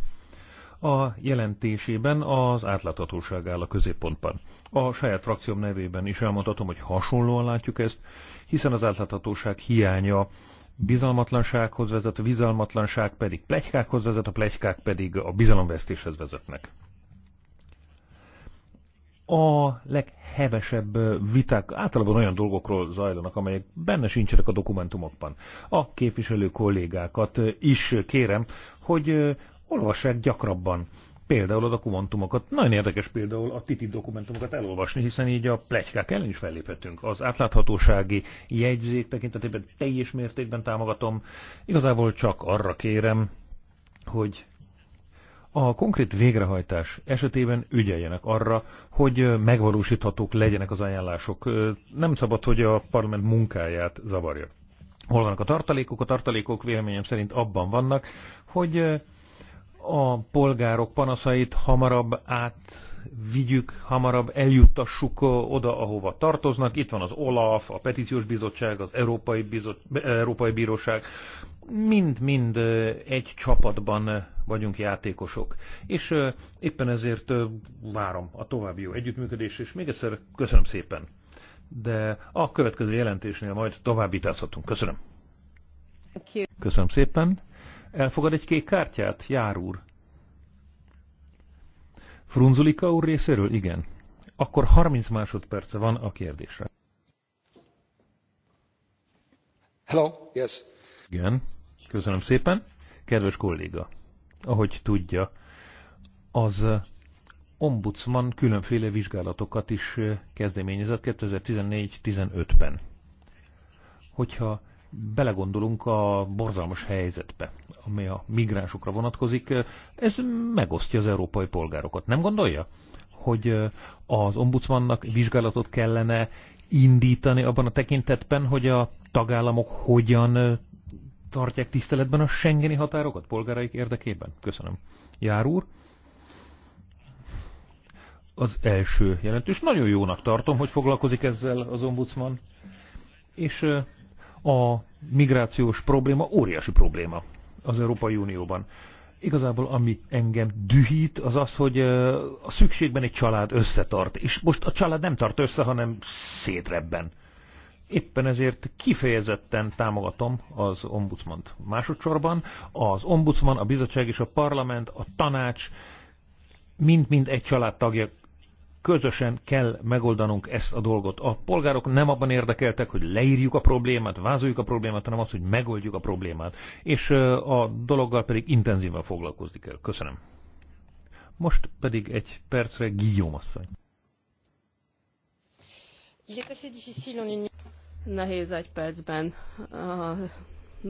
Speaker 1: A jelentésében az átláthatóság áll a középpontban. A saját frakcióm nevében is elmondhatom, hogy hasonlóan látjuk ezt, hiszen az átláthatóság hiánya bizalmatlansághoz vezet, a bizalmatlanság pedig plegykákhoz vezet, a plegykák pedig a bizalomvesztéshez vezetnek. A leghevesebb viták általában olyan dolgokról zajlanak, amelyek benne sincsenek a dokumentumokban. A képviselő kollégákat is kérem, hogy olvassák gyakrabban például a dokumentumokat, nagyon érdekes például a titi dokumentumokat elolvasni, hiszen így a plegykák ellen is felléphetünk. Az átláthatósági jegyzék tekintetében teljes mértékben támogatom. Igazából csak arra kérem, hogy a konkrét végrehajtás esetében ügyeljenek arra, hogy megvalósíthatók legyenek az ajánlások. Nem szabad, hogy a parlament munkáját zavarja. Hol vannak a tartalékok? A tartalékok véleményem szerint abban vannak, hogy a polgárok panaszait hamarabb átvigyük, hamarabb eljuttassuk oda, ahova tartoznak. Itt van az OLAF, a Petíciós Bizottság, az Európai, Bizottság, Európai Bíróság. Mind-mind egy csapatban vagyunk játékosok. És éppen ezért várom a további jó együttműködést, és még egyszer köszönöm szépen. De a következő jelentésnél majd tovább vitázhatunk. Köszönöm. Köszönöm szépen. Elfogad egy kék kártyát, jár úr? Frunzulika úr részéről? Igen. Akkor 30 másodperce van a kérdésre. Hello, yes. Igen, köszönöm szépen. Kedves kolléga, ahogy tudja, az ombudsman különféle vizsgálatokat is kezdeményezett 2014-15-ben. Hogyha belegondolunk a borzalmas helyzetbe, ami a migránsokra vonatkozik, ez megosztja az európai polgárokat. Nem gondolja, hogy az ombudsmannak vizsgálatot kellene indítani abban a tekintetben, hogy a tagállamok hogyan tartják tiszteletben a Schengeni határokat polgáraik érdekében? Köszönöm. Jár úr? Az első jelentős. Nagyon jónak tartom, hogy foglalkozik ezzel az ombudsman. És a migrációs probléma óriási probléma az Európai Unióban. Igazából ami engem dühít, az az, hogy a szükségben egy család összetart, és most a család nem tart össze, hanem szétrebben. Éppen ezért kifejezetten támogatom az ombudsmant. Másodszorban az ombudsman, a bizottság és a parlament, a tanács mind-mind egy család tagja közösen kell megoldanunk ezt a dolgot. A polgárok nem abban érdekeltek, hogy leírjuk a problémát, vázoljuk a problémát, hanem az, hogy megoldjuk a problémát. És a dologgal pedig intenzíven foglalkozni kell. Köszönöm. Most pedig egy percre Guillaume asszony.
Speaker 4: Nehéz egy percben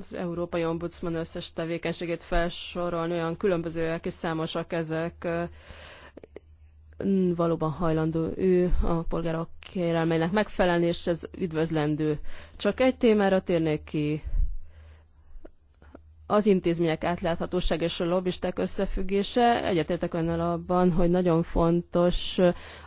Speaker 4: az Európai Ombudsman összes tevékenységét felsorolni, olyan különbözőek és számosak ezek valóban hajlandó ő a polgárok kérelmeinek megfelelni, és ez üdvözlendő. Csak egy témára térnék ki, az intézmények átláthatóság és a lobbisták összefüggése. Egyetértek önnel abban, hogy nagyon fontos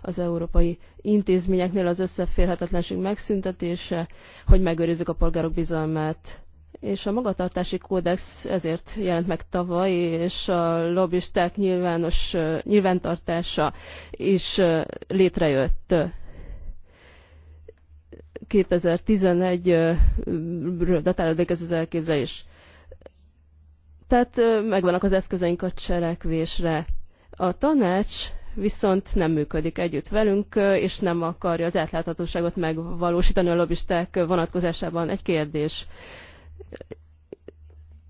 Speaker 4: az európai intézményeknél az összeférhetetlenség megszüntetése, hogy megőrizzük a polgárok bizalmát és a magatartási kódex ezért jelent meg tavaly, és a lobbisták nyilvános, nyilvántartása is létrejött 2011-ről datálódik ez az elképzelés. Tehát megvannak az eszközeink a cselekvésre. A tanács viszont nem működik együtt velünk, és nem akarja az átláthatóságot megvalósítani a lobbisták vonatkozásában. Egy kérdés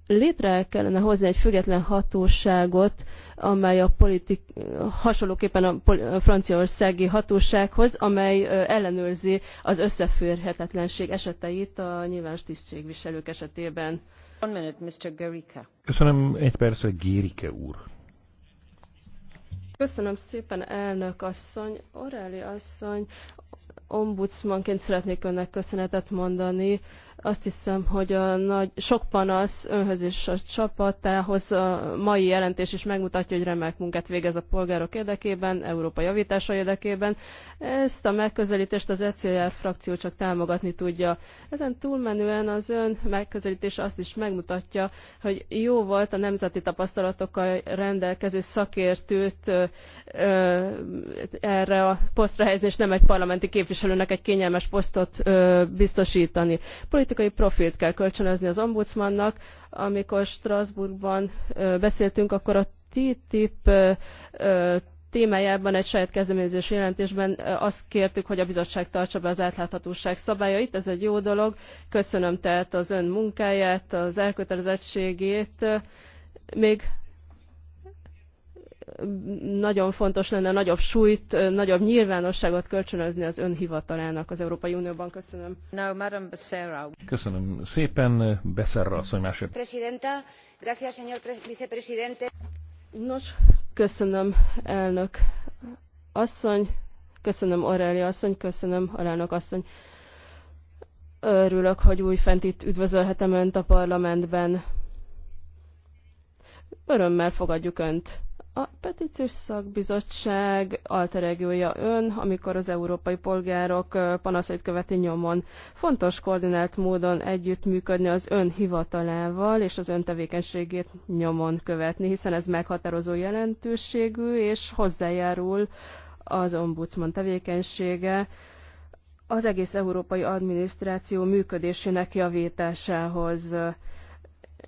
Speaker 4: létre kellene hozni egy független hatóságot, amely a politik, hasonlóképpen a, franciaországi hatósághoz, amely ellenőrzi az összeférhetetlenség eseteit a nyilvános tisztségviselők esetében. One minute, Mr. Gerica. Köszönöm
Speaker 1: egy percre, Gérike úr.
Speaker 4: Köszönöm szépen, elnök asszony, Oreli asszony ombudsmanként szeretnék önnek köszönetet mondani. Azt hiszem, hogy a nagy, sok panasz önhöz és a csapatához a mai jelentés is megmutatja, hogy remek munkát végez a polgárok érdekében, Európa javítása érdekében. Ezt a megközelítést az ECR frakció csak támogatni tudja. Ezen túlmenően az ön megközelítése azt is megmutatja, hogy jó volt a nemzeti tapasztalatokkal rendelkező szakértőt ö, ö, erre a posztra helyezni, és nem egy parlamenti képviselő képviselőnek egy kényelmes posztot ö, biztosítani. Politikai profilt kell kölcsönözni az ombudsmannak. Amikor Strasbourgban ö, beszéltünk, akkor a TTIP ö, témájában egy saját kezdeményezés jelentésben azt kértük, hogy a bizottság tartsa be az átláthatóság szabályait. Ez egy jó dolog. Köszönöm tehát az ön munkáját, az elkötelezettségét. Még nagyon fontos lenne nagyobb súlyt, nagyobb nyilvánosságot kölcsönözni az önhivatalának az Európai Unióban. Köszönöm. No, Madam
Speaker 3: Becerra.
Speaker 1: Köszönöm szépen, Becerra asszony másért.
Speaker 3: Presidenta, gracias, señor vicepresidente. Nos,
Speaker 4: köszönöm, elnök asszony, köszönöm Aureli asszony, köszönöm alelnök asszony. Örülök, hogy újfent itt üdvözölhetem Önt a parlamentben. Örömmel fogadjuk Önt. A petíciós szakbizottság alteregője ön, amikor az európai polgárok panaszait követi nyomon. Fontos koordinált módon együttműködni az ön hivatalával és az ön tevékenységét nyomon követni, hiszen ez meghatározó jelentőségű és hozzájárul az ombudsman tevékenysége az egész európai adminisztráció működésének javításához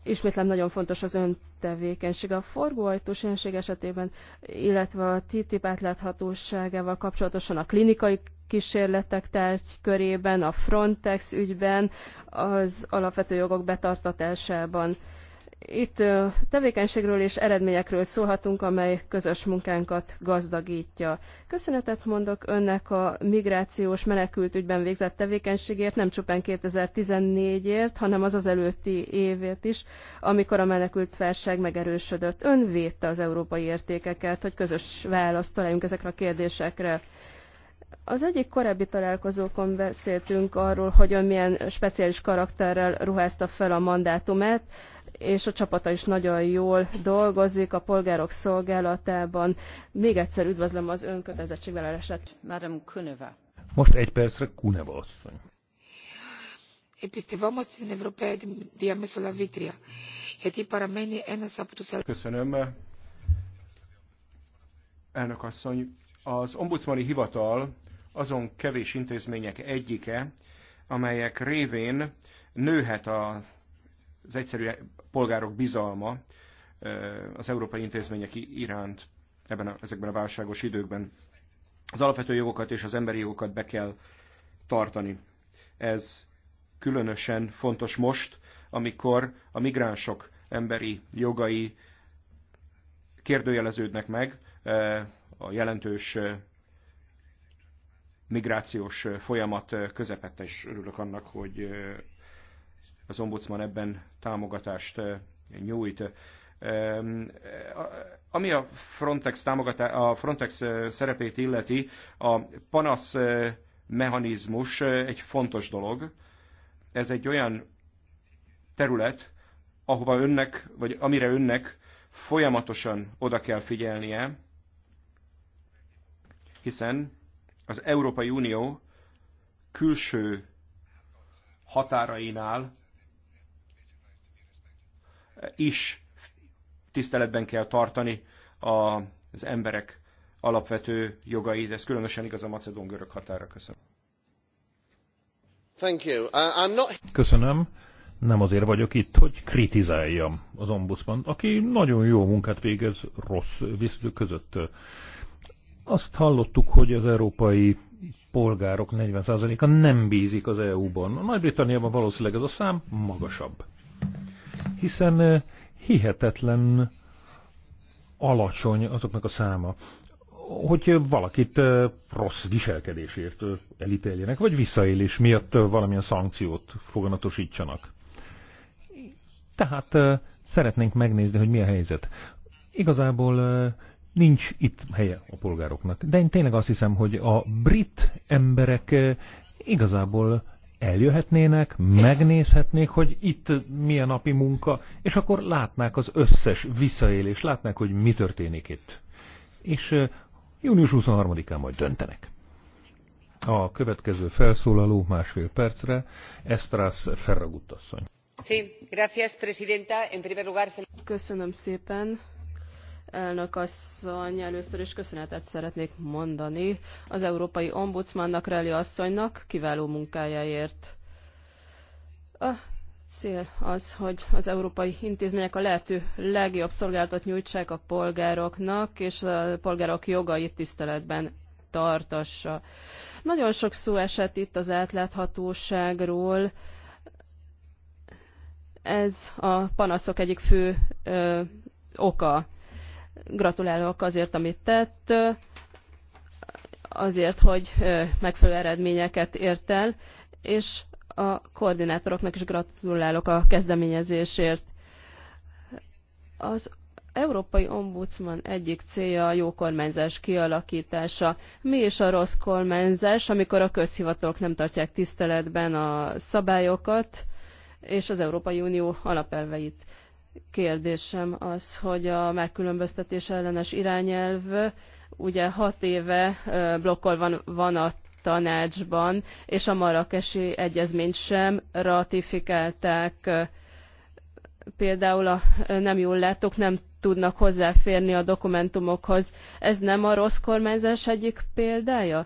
Speaker 4: ismétlem nagyon fontos az ön tevékenység. A forgóajtós jelenség esetében, illetve a TTIP átláthatóságával kapcsolatosan a klinikai kísérletek tárgy körében, a Frontex ügyben, az alapvető jogok betartatásában. Itt tevékenységről és eredményekről szólhatunk, amely közös munkánkat gazdagítja. Köszönetet mondok önnek a migrációs menekültügyben végzett tevékenységért, nem csupán 2014-ért, hanem az az előtti évért is, amikor a menekült felség megerősödött. Ön védte az európai értékeket, hogy közös választ találjunk ezekre a kérdésekre. Az egyik korábbi találkozókon beszéltünk arról, hogy ön milyen speciális karakterrel ruházta fel a mandátumát és a csapata is nagyon jól dolgozik a polgárok szolgálatában. Még egyszer üdvözlöm az esett. Madam Kuneva.
Speaker 1: Most egy percre Kuneva asszony.
Speaker 2: Köszönöm. Elnök asszony, az ombudsmani hivatal azon kevés intézmények egyike, amelyek révén nőhet a az egyszerű polgárok bizalma az európai intézmények iránt ebben a, ezekben a válságos időkben. Az alapvető jogokat és az emberi jogokat be kell tartani. Ez különösen fontos most, amikor a migránsok emberi jogai kérdőjeleződnek meg a jelentős migrációs folyamat közepette, és örülök annak, hogy az ombudsman ebben támogatást eh, nyújt. Eh, ami a Frontex, támogatá, a Frontex eh, szerepét illeti, a panasz mechanizmus egy fontos dolog. Ez egy olyan terület, ahova önnek, vagy amire önnek folyamatosan oda kell figyelnie, hiszen az Európai Unió külső határainál is tiszteletben kell tartani az emberek alapvető jogait. Ez különösen igaz a macedón görög határa. Köszönöm.
Speaker 3: Thank you. I'm not...
Speaker 1: Köszönöm. Nem azért vagyok itt, hogy kritizáljam az ombudsman, aki nagyon jó munkát végez rossz viszonyok között. Azt hallottuk, hogy az európai polgárok 40%-a nem bízik az EU-ban. A Nagy-Britanniában valószínűleg ez a szám magasabb hiszen hihetetlen alacsony azoknak a száma, hogy valakit rossz viselkedésért elítéljenek, vagy visszaélés miatt valamilyen szankciót foganatosítsanak. Tehát szeretnénk megnézni, hogy mi a helyzet. Igazából nincs itt helye a polgároknak. De én tényleg azt hiszem, hogy a brit emberek igazából eljöhetnének, megnézhetnék, hogy itt milyen napi munka, és akkor látnák az összes visszaélés, látnák, hogy mi történik itt. És június 23-án majd döntenek. A következő felszólaló másfél percre, Estras Ferragut asszony.
Speaker 3: Köszönöm
Speaker 4: szépen. Elnök asszony, először is köszönetet szeretnék mondani az Európai Ombudsmannak, Reli asszonynak kiváló munkájáért. A cél az, hogy az európai intézmények a lehető legjobb szolgálatot nyújtsák a polgároknak, és a polgárok jogait tiszteletben tartassa. Nagyon sok szó esett itt az átláthatóságról. Ez a panaszok egyik fő ö, oka. Gratulálok azért, amit tett, azért, hogy megfelelő eredményeket ért el, és a koordinátoroknak is gratulálok a kezdeményezésért. Az Európai Ombudsman egyik célja a jó kormányzás kialakítása. Mi is a rossz kormányzás, amikor a közhivatalok nem tartják tiszteletben a szabályokat és az Európai Unió alapelveit. Kérdésem az, hogy a megkülönböztetés ellenes irányelv ugye hat éve blokkol van, van a tanácsban, és a marakesi egyezményt sem ratifikálták. Például a nem jól látok, nem tudnak hozzáférni a dokumentumokhoz. Ez nem a rossz kormányzás egyik példája?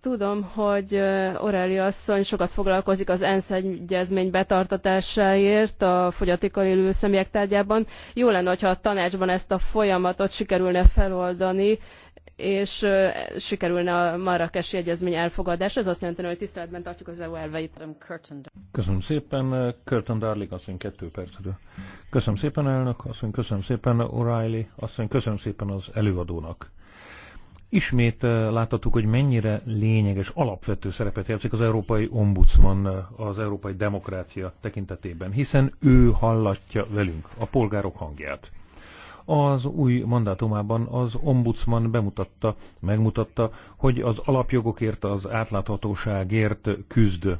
Speaker 4: Tudom, hogy Oreli asszony sokat foglalkozik az ENSZ egyezmény betartatásáért a fogyatékkal élő személyek tárgyában. Jó lenne, hogyha a tanácsban ezt a folyamatot sikerülne feloldani, és sikerülne a Marrakesi egyezmény elfogadás. Ez azt jelenti, hogy tiszteletben tartjuk az EU elveit.
Speaker 1: Köszönöm szépen. Curtin Darling asszony kettő percről. Köszönöm szépen elnök asszony, köszönöm szépen O'Reilly asszony, köszönöm szépen az előadónak. Ismét eh, láthattuk, hogy mennyire lényeges, alapvető szerepet játszik az Európai Ombudsman eh, az európai demokrácia tekintetében, hiszen ő hallatja velünk a polgárok hangját. Az új mandátumában az ombudsman bemutatta, megmutatta, hogy az alapjogokért, az átláthatóságért küzd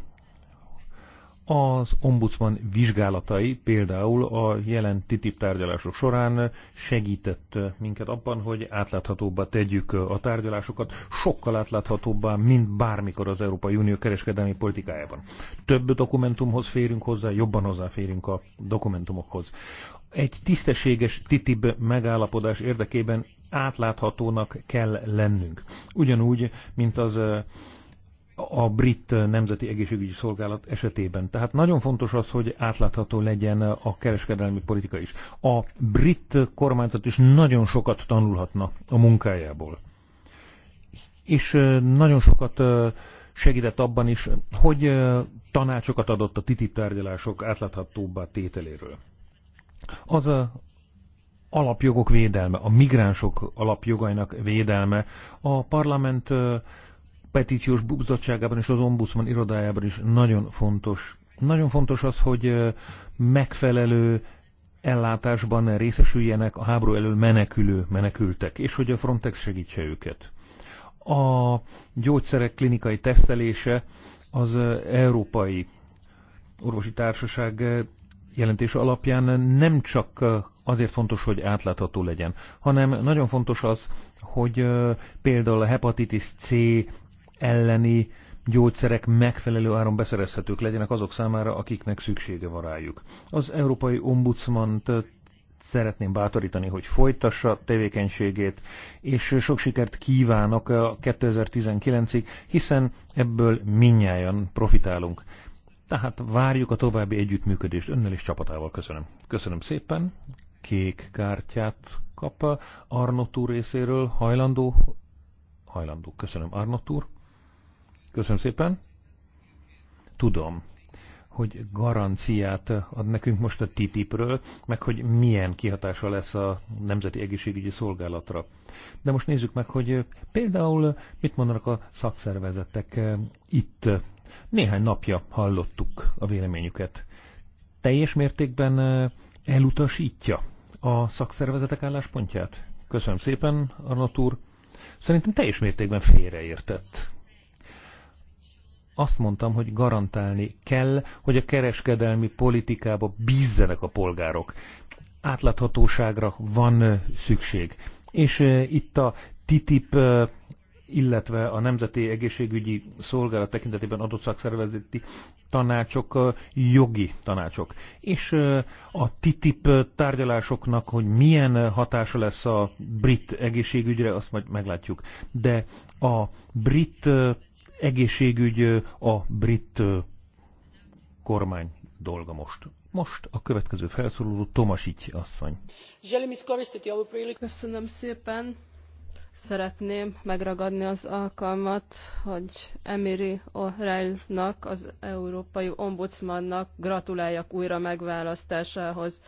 Speaker 1: az ombudsman vizsgálatai például a jelen TTIP tárgyalások során segített minket abban, hogy átláthatóbbá tegyük a tárgyalásokat, sokkal átláthatóbbá, mint bármikor az Európai Unió kereskedelmi politikájában. Több dokumentumhoz férünk hozzá, jobban hozzáférünk a dokumentumokhoz. Egy tisztességes TTIP megállapodás érdekében átláthatónak kell lennünk. Ugyanúgy, mint az eh, a brit nemzeti egészségügyi szolgálat esetében. Tehát nagyon fontos az, hogy átlátható legyen a kereskedelmi politika is. A brit kormányzat is nagyon sokat tanulhatna a munkájából. És nagyon sokat segített abban is, hogy tanácsokat adott a TTIP tárgyalások átláthatóbbá tételéről. Az a alapjogok védelme, a migránsok alapjogainak védelme, a parlament petíciós bizottságában és az ombudsman irodájában is nagyon fontos. Nagyon fontos az, hogy megfelelő ellátásban részesüljenek a háború elől menekülő menekültek, és hogy a Frontex segítse őket. A gyógyszerek klinikai tesztelése az Európai Orvosi Társaság jelentése alapján nem csak azért fontos, hogy átlátható legyen, hanem nagyon fontos az, hogy például a hepatitis C elleni gyógyszerek megfelelő áron beszerezhetők legyenek azok számára, akiknek szüksége van rájuk. Az Európai Ombudsman szeretném bátorítani, hogy folytassa tevékenységét, és sok sikert kívánok a 2019-ig, hiszen ebből minnyáján profitálunk. Tehát várjuk a további együttműködést önnel és csapatával. Köszönöm. Köszönöm szépen. Kék kártyát kap Arnott úr részéről. Hajlandó? Hajlandó. Köszönöm, Arnott úr. Köszönöm szépen. Tudom, hogy garanciát ad nekünk most a TTIP-ről, meg hogy milyen kihatása lesz a Nemzeti Egészségügyi Szolgálatra. De most nézzük meg, hogy például mit mondanak a szakszervezetek itt. Néhány napja hallottuk a véleményüket. Teljes mértékben elutasítja a szakszervezetek álláspontját? Köszönöm szépen, Arnott úr. Szerintem teljes mértékben félreértett azt mondtam, hogy garantálni kell, hogy a kereskedelmi politikába bízzenek a polgárok. Átláthatóságra van szükség. És itt a TTIP, illetve a Nemzeti Egészségügyi Szolgálat tekintetében adott szakszervezeti tanácsok, jogi tanácsok. És a TTIP tárgyalásoknak, hogy milyen hatása lesz a brit egészségügyre, azt majd meglátjuk. De a brit egészségügy a brit kormány dolga most. Most a következő felszólaló Tomasics asszony.
Speaker 4: Köszönöm szépen. Szeretném megragadni az alkalmat, hogy Emiri O'Reilly-nak, az Európai Ombudsmannak gratuláljak újra megválasztásához.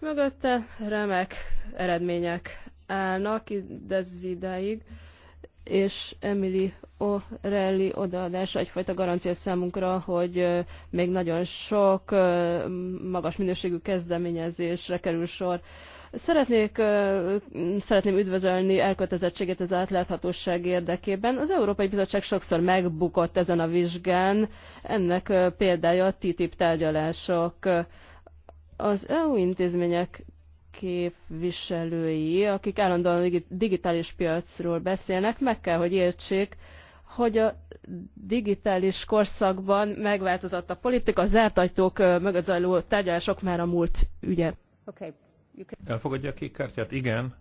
Speaker 4: Mögötte remek eredmények állnak ez ideig és Emily O'Reilly odaadása egyfajta garancia számunkra, hogy még nagyon sok magas minőségű kezdeményezésre kerül sor. Szeretnék, szeretném üdvözölni elkötelezettséget az átláthatóság érdekében. Az Európai Bizottság sokszor megbukott ezen a vizsgán. Ennek példája a TTIP tárgyalások. Az EU intézmények képviselői, akik állandóan digitális piacról beszélnek, meg kell, hogy értsék, hogy a digitális korszakban megváltozott a politika, zárt ajtók mögött zajló tárgyalások már a múlt ügye. Okay. Can...
Speaker 1: Elfogadja a kék kártyát? Igen.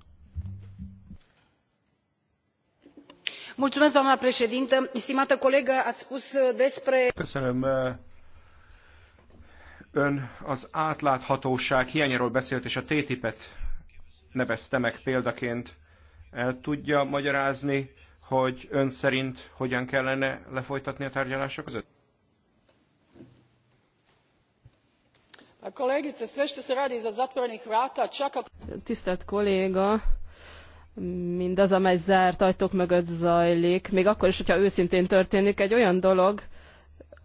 Speaker 4: Mulțumesc, doamna președintă. Stimată colegă, ați spus despre...
Speaker 1: Köszönöm,
Speaker 2: Ön az átláthatóság hiányáról beszélt, és a TTIP-et nevezte meg példaként. El tudja magyarázni, hogy ön szerint hogyan kellene lefolytatni a tárgyalások között?
Speaker 4: A sve što se radi iza zatvorenih csak a. Tisztelt kolléga, mindaz, amely zárt ajtók mögött zajlik, még akkor is, hogyha őszintén történik, egy olyan dolog,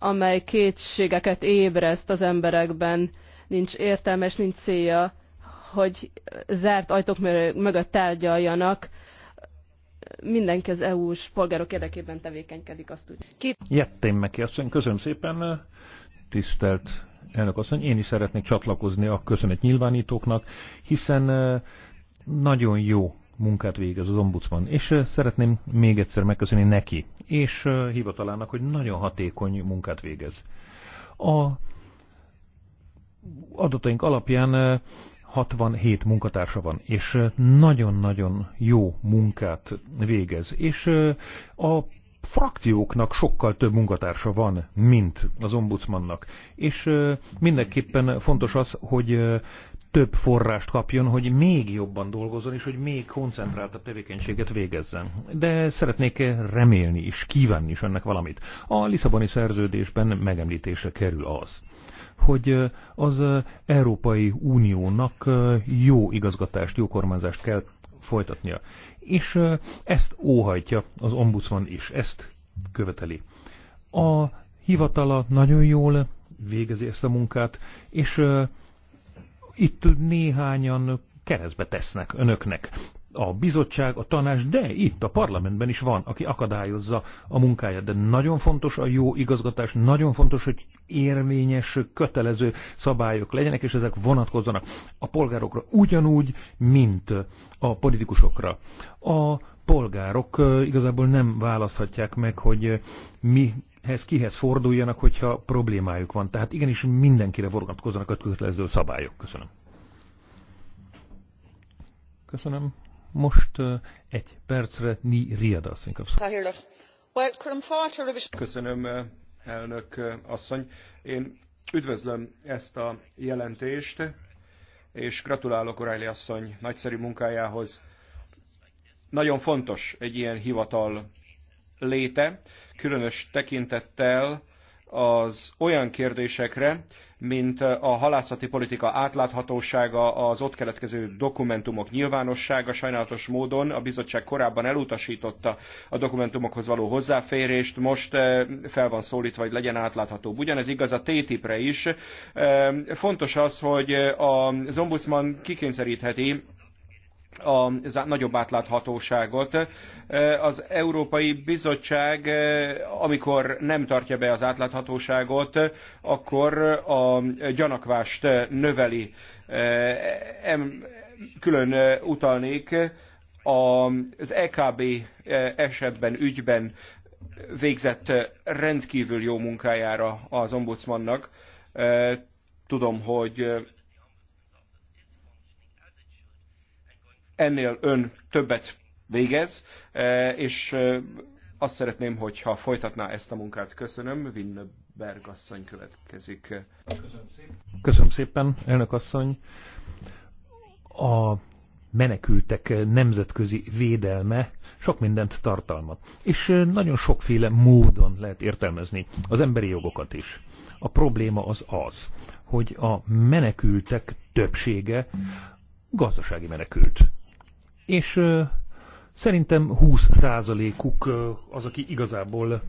Speaker 4: amely kétségeket ébreszt az emberekben. Nincs értelme és nincs célja, hogy zárt ajtók mögött tárgyaljanak. Mindenki az EU-s polgárok érdekében tevékenykedik, azt úgy.
Speaker 1: Jettém meg asszony, köszönöm szépen, tisztelt elnök asszony, én is szeretnék csatlakozni a köszönet nyilvánítóknak, hiszen eh, nagyon jó munkát végez az ombudsman, és szeretném még egyszer megköszönni neki, és hivatalának, hogy nagyon hatékony munkát végez. A adataink alapján 67 munkatársa van, és nagyon-nagyon jó munkát végez, és a frakcióknak sokkal több munkatársa van, mint az ombudsmannak. És mindenképpen fontos az, hogy több forrást kapjon, hogy még jobban dolgozzon, és hogy még koncentráltabb tevékenységet végezzen. De szeretnék remélni és kívánni is ennek valamit. A Lisszaboni szerződésben megemlítése kerül az, hogy az Európai Uniónak jó igazgatást, jó kormányzást kell folytatnia. És ezt óhajtja az ombudsman is, ezt követeli. A hivatala nagyon jól végezi ezt a munkát, és itt néhányan keresztbe tesznek önöknek. A bizottság, a tanács, de itt a parlamentben is van, aki akadályozza a munkáját. De nagyon fontos a jó igazgatás, nagyon fontos, hogy érvényes, kötelező szabályok legyenek, és ezek vonatkozzanak a polgárokra ugyanúgy, mint a politikusokra. A polgárok igazából nem választhatják meg, hogy mi hez kihez forduljanak, hogyha problémájuk van. Tehát igenis mindenkire vonatkoznak a kötelező szabályok. Köszönöm. Köszönöm. Most uh, egy percre Ni Riad
Speaker 2: Köszönöm, elnök asszony. Én üdvözlöm ezt a jelentést, és gratulálok orályi asszony nagyszerű munkájához. Nagyon fontos egy ilyen hivatal léte, különös tekintettel az olyan kérdésekre, mint a halászati politika átláthatósága, az ott keletkező dokumentumok nyilvánossága. Sajnálatos módon a bizottság korábban elutasította a dokumentumokhoz való hozzáférést, most eh, fel van szólítva, hogy legyen átlátható. Ugyanez igaz a TTIP-re is. Eh, fontos az, hogy az ombudsman kikényszerítheti a nagyobb átláthatóságot. Az Európai Bizottság, amikor nem tartja be az átláthatóságot, akkor a gyanakvást növeli. Külön utalnék az EKB esetben, ügyben végzett rendkívül jó munkájára az ombudsmannak. Tudom, hogy ennél ön többet végez, e, és e, azt szeretném, hogyha folytatná ezt a munkát. Köszönöm, Winneberg asszony következik. Köszönöm szépen.
Speaker 1: Köszönöm szépen, elnök asszony. A menekültek nemzetközi védelme sok mindent tartalmat, és nagyon sokféle módon lehet értelmezni az emberi jogokat is. A probléma az az, hogy a menekültek többsége gazdasági menekült és szerintem 20%-uk az, aki igazából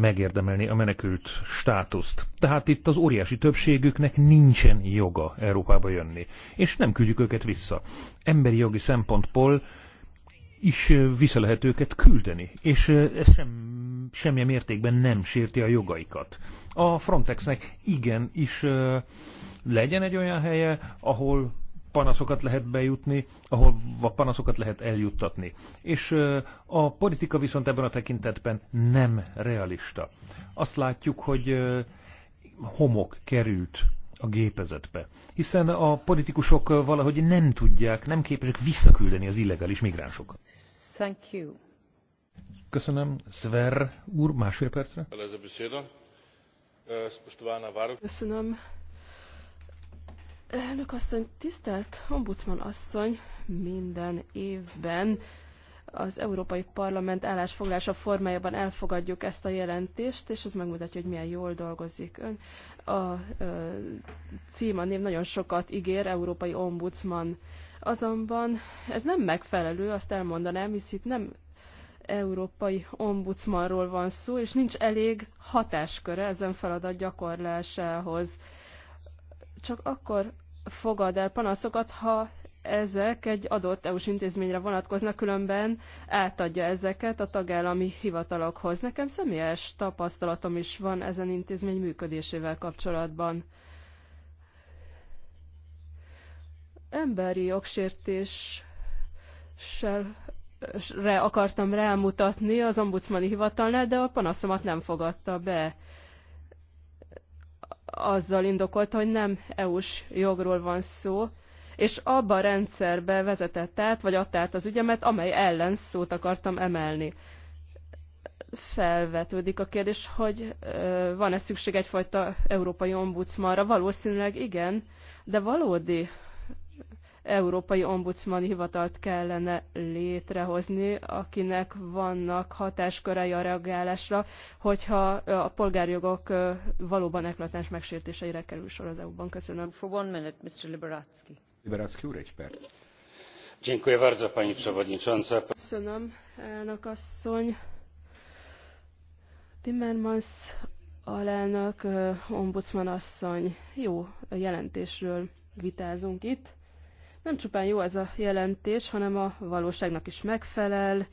Speaker 1: megérdemelni a menekült státuszt. Tehát itt az óriási többségüknek nincsen joga Európába jönni, és nem küldjük őket vissza. Emberi jogi szempontból is vissza lehet őket küldeni, és ez sem, semmilyen mértékben nem sérti a jogaikat. A Frontexnek igen is legyen egy olyan helye, ahol panaszokat lehet bejutni, ahol a panaszokat lehet eljuttatni. És a politika viszont ebben a tekintetben nem realista. Azt látjuk, hogy homok került a gépezetbe. Hiszen a politikusok valahogy nem tudják, nem képesek visszaküldeni az illegális migránsokat. Thank you. Köszönöm. Sver úr, másfél percre. E,
Speaker 4: Köszönöm. Elnök asszony, tisztelt ombudsman asszony, minden évben az Európai Parlament állásfoglása formájában elfogadjuk ezt a jelentést, és ez megmutatja, hogy milyen jól dolgozik ön. A ö, cím, a név nagyon sokat ígér, Európai Ombudsman. Azonban ez nem megfelelő, azt elmondanám, hisz itt nem európai ombudsmanról van szó, és nincs elég hatásköre ezen feladat gyakorlásához csak akkor fogad el panaszokat, ha ezek egy adott EU-s intézményre vonatkoznak, különben átadja ezeket a tagállami hivatalokhoz. Nekem személyes tapasztalatom is van ezen intézmény működésével kapcsolatban. Emberi jogsértéssel akartam rámutatni az ombudsmani hivatalnál, de a panaszomat nem fogadta be azzal indokolta, hogy nem EU-s jogról van szó, és abba a rendszerbe vezetett át, vagy adta át az ügyemet, amely ellen szót akartam emelni. Felvetődik a kérdés, hogy van-e szükség egyfajta európai ombudsmanra? Valószínűleg igen, de valódi európai ombudsmani hivatalt kellene létrehozni, akinek vannak hatáskörei a reagálásra, hogyha a polgárjogok valóban eklatáns megsértéseire kerül sor az EU-ban. Köszönöm. For one minute, Mr. Liberacki.
Speaker 1: Liberacki úr, egy perc. pani
Speaker 4: Köszönöm, elnök asszony. Timmermans alelnök, ombudsman asszony, jó jelentésről vitázunk itt. Nem csupán jó ez a jelentés, hanem a valóságnak is megfelel,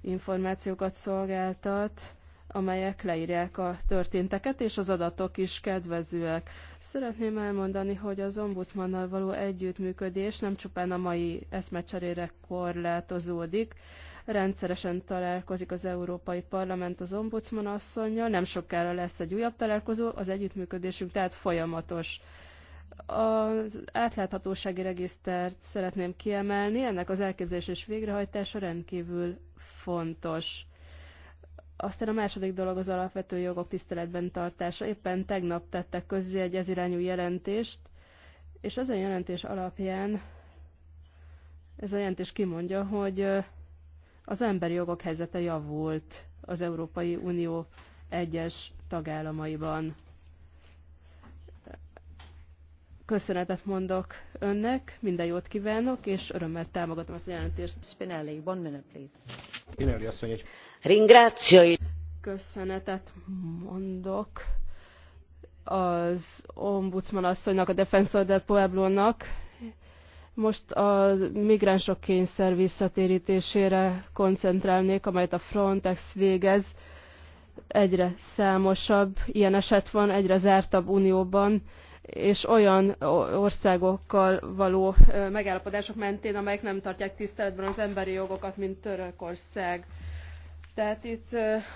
Speaker 4: információkat szolgáltat, amelyek leírják a történteket, és az adatok is kedvezőek. Szeretném elmondani, hogy az ombudsmannal való együttműködés nem csupán a mai eszmecserére korlátozódik, rendszeresen találkozik az Európai Parlament az ombudsman asszonynal, nem sokára lesz egy újabb találkozó, az együttműködésünk tehát folyamatos. Az átláthatósági regisztert szeretném kiemelni, ennek az elképzelés és végrehajtása rendkívül fontos. Aztán a második dolog az alapvető jogok tiszteletben tartása. Éppen tegnap tettek közzé egy ezirányú jelentést, és az a jelentés alapján ez a jelentés kimondja, hogy az emberi jogok helyzete javult az Európai Unió egyes tagállamaiban. Köszönetet mondok önnek, minden jót kívánok, és örömmel támogatom ezt a jelentést. Spinelli, one minute, please.
Speaker 3: Spinelli azt egy... Ringrácio.
Speaker 4: Köszönetet mondok az ombudsman asszonynak, a Defensor del Pueblo-nak. Most a migránsok kényszer visszatérítésére koncentrálnék, amelyet a Frontex végez. Egyre számosabb ilyen eset van, egyre zártabb unióban és olyan országokkal való megállapodások mentén, amelyek nem tartják tiszteletben az emberi jogokat, mint Törökország. Tehát itt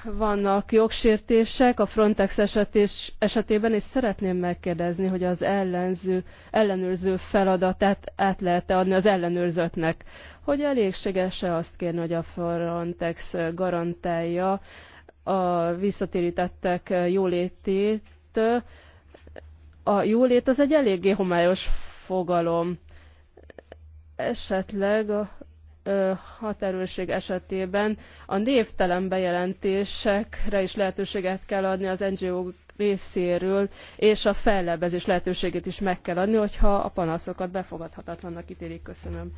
Speaker 4: vannak jogsértések a Frontex esetés, esetében, és szeretném megkérdezni, hogy az ellenző, ellenőrző feladatát át lehet-e adni az ellenőrzöttnek, hogy elégséges-e azt kérni, hogy a Frontex garantálja a visszatérítettek jólétét, a jólét az egy eléggé homályos fogalom. Esetleg a haterőség esetében a névtelen bejelentésekre is lehetőséget kell adni az ngo részéről, és a fellebezés lehetőségét is meg kell adni, hogyha a panaszokat befogadhatatlannak ítélik. Köszönöm.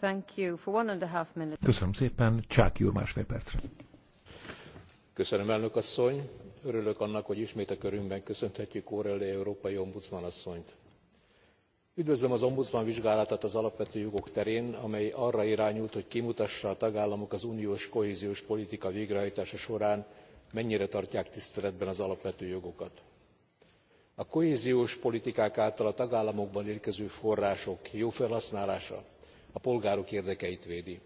Speaker 4: Thank you. For one and a half
Speaker 1: Köszönöm szépen. Csák jó másfél percre
Speaker 5: örülök annak hogy ismét a körünkben köszönhetjük aurelia európai ombudsman asszonyt. üdvözlöm az ombudsman vizsgálatát az alapvető jogok terén amely arra irányult hogy kimutassa a tagállamok az uniós kohéziós politika végrehajtása során mennyire tartják tiszteletben az alapvető jogokat. a kohéziós politikák által a tagállamokban érkező források jó felhasználása a polgárok érdekeit védi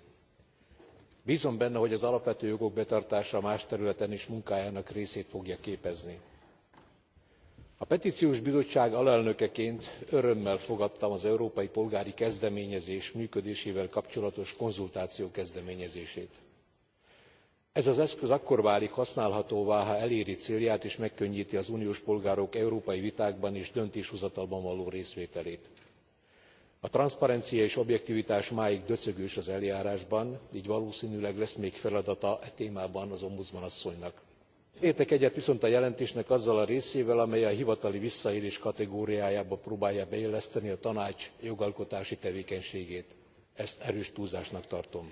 Speaker 5: bzom benne hogy az alapvető jogok betartása más területen is munkájának részét fogja képezni. a petciós bizottság alelnökeként örömmel fogadtam az európai polgári kezdeményezés működésével kapcsolatos konzultáció kezdeményezését. ez az eszköz akkor válik használhatóvá ha eléri célját és megkönnyti az uniós polgárok európai vitákban és döntéshozatalban való részvételét a transzparencia és objektivitás máig döcögős az eljárásban gy valósznűleg lesz még feladata e témában az ombudsman asszonynak. nem értek egyet viszont a jelentésnek azzal a részével amely a hivatali visszaélés kategóriájába próbálja beilleszteni a tanács jogalkotási tevékenységét. ezt erős túlzásnak tartom.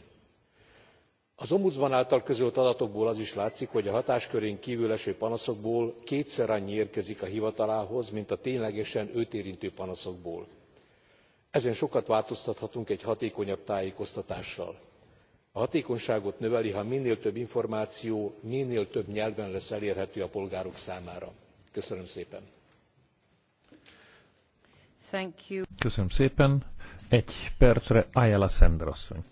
Speaker 5: az ombudsman által közölt adatokból az is látszik hogy a hatáskörén kvül eső panaszokból kétszer annyi érkezik a hivatalához mint a ténylegesen őt érintő panaszokból ezen sokat változtathatunk egy hatékonyabb tájékoztatással. a hatékonyságot növeli ha minél több információ minél több nyelven lesz elérhető a polgárok számára. köszönöm szépen!
Speaker 1: Köszönöm szépen. Egy percre Ayala Sender asszony.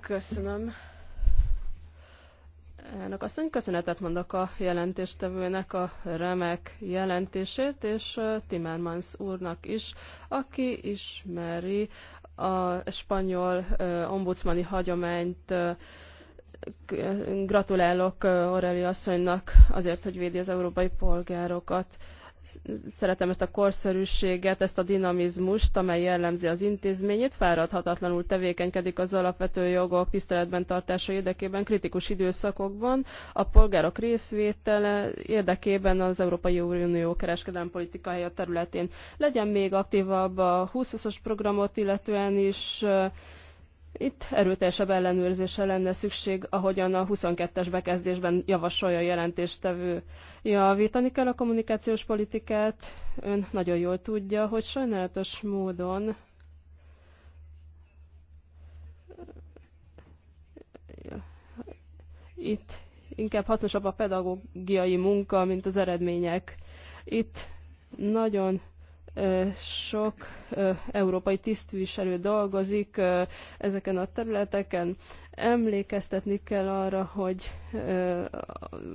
Speaker 4: Köszönöm, Elnök asszony, köszönetet mondok a jelentéstevőnek a remek jelentését és Timmermans úrnak is, aki ismeri a spanyol ombudsmani hagyományt. Gratulálok Aureli asszonynak azért, hogy védi az európai polgárokat szeretem ezt a korszerűséget, ezt a dinamizmust, amely jellemzi az intézményét, fáradhatatlanul tevékenykedik az alapvető jogok tiszteletben tartása érdekében kritikus időszakokban, a polgárok részvétele érdekében az Európai Unió kereskedelmi politikája területén. Legyen még aktívabb a 20 os programot illetően is, itt erőteljesebb ellenőrzésre lenne szükség, ahogyan a 22-es bekezdésben javasolja a jelentéstevő. Javítani kell a kommunikációs politikát. Ön nagyon jól tudja, hogy sajnálatos módon itt inkább hasznosabb a pedagógiai munka, mint az eredmények. Itt nagyon sok európai tisztviselő dolgozik ezeken a területeken. Emlékeztetni kell arra, hogy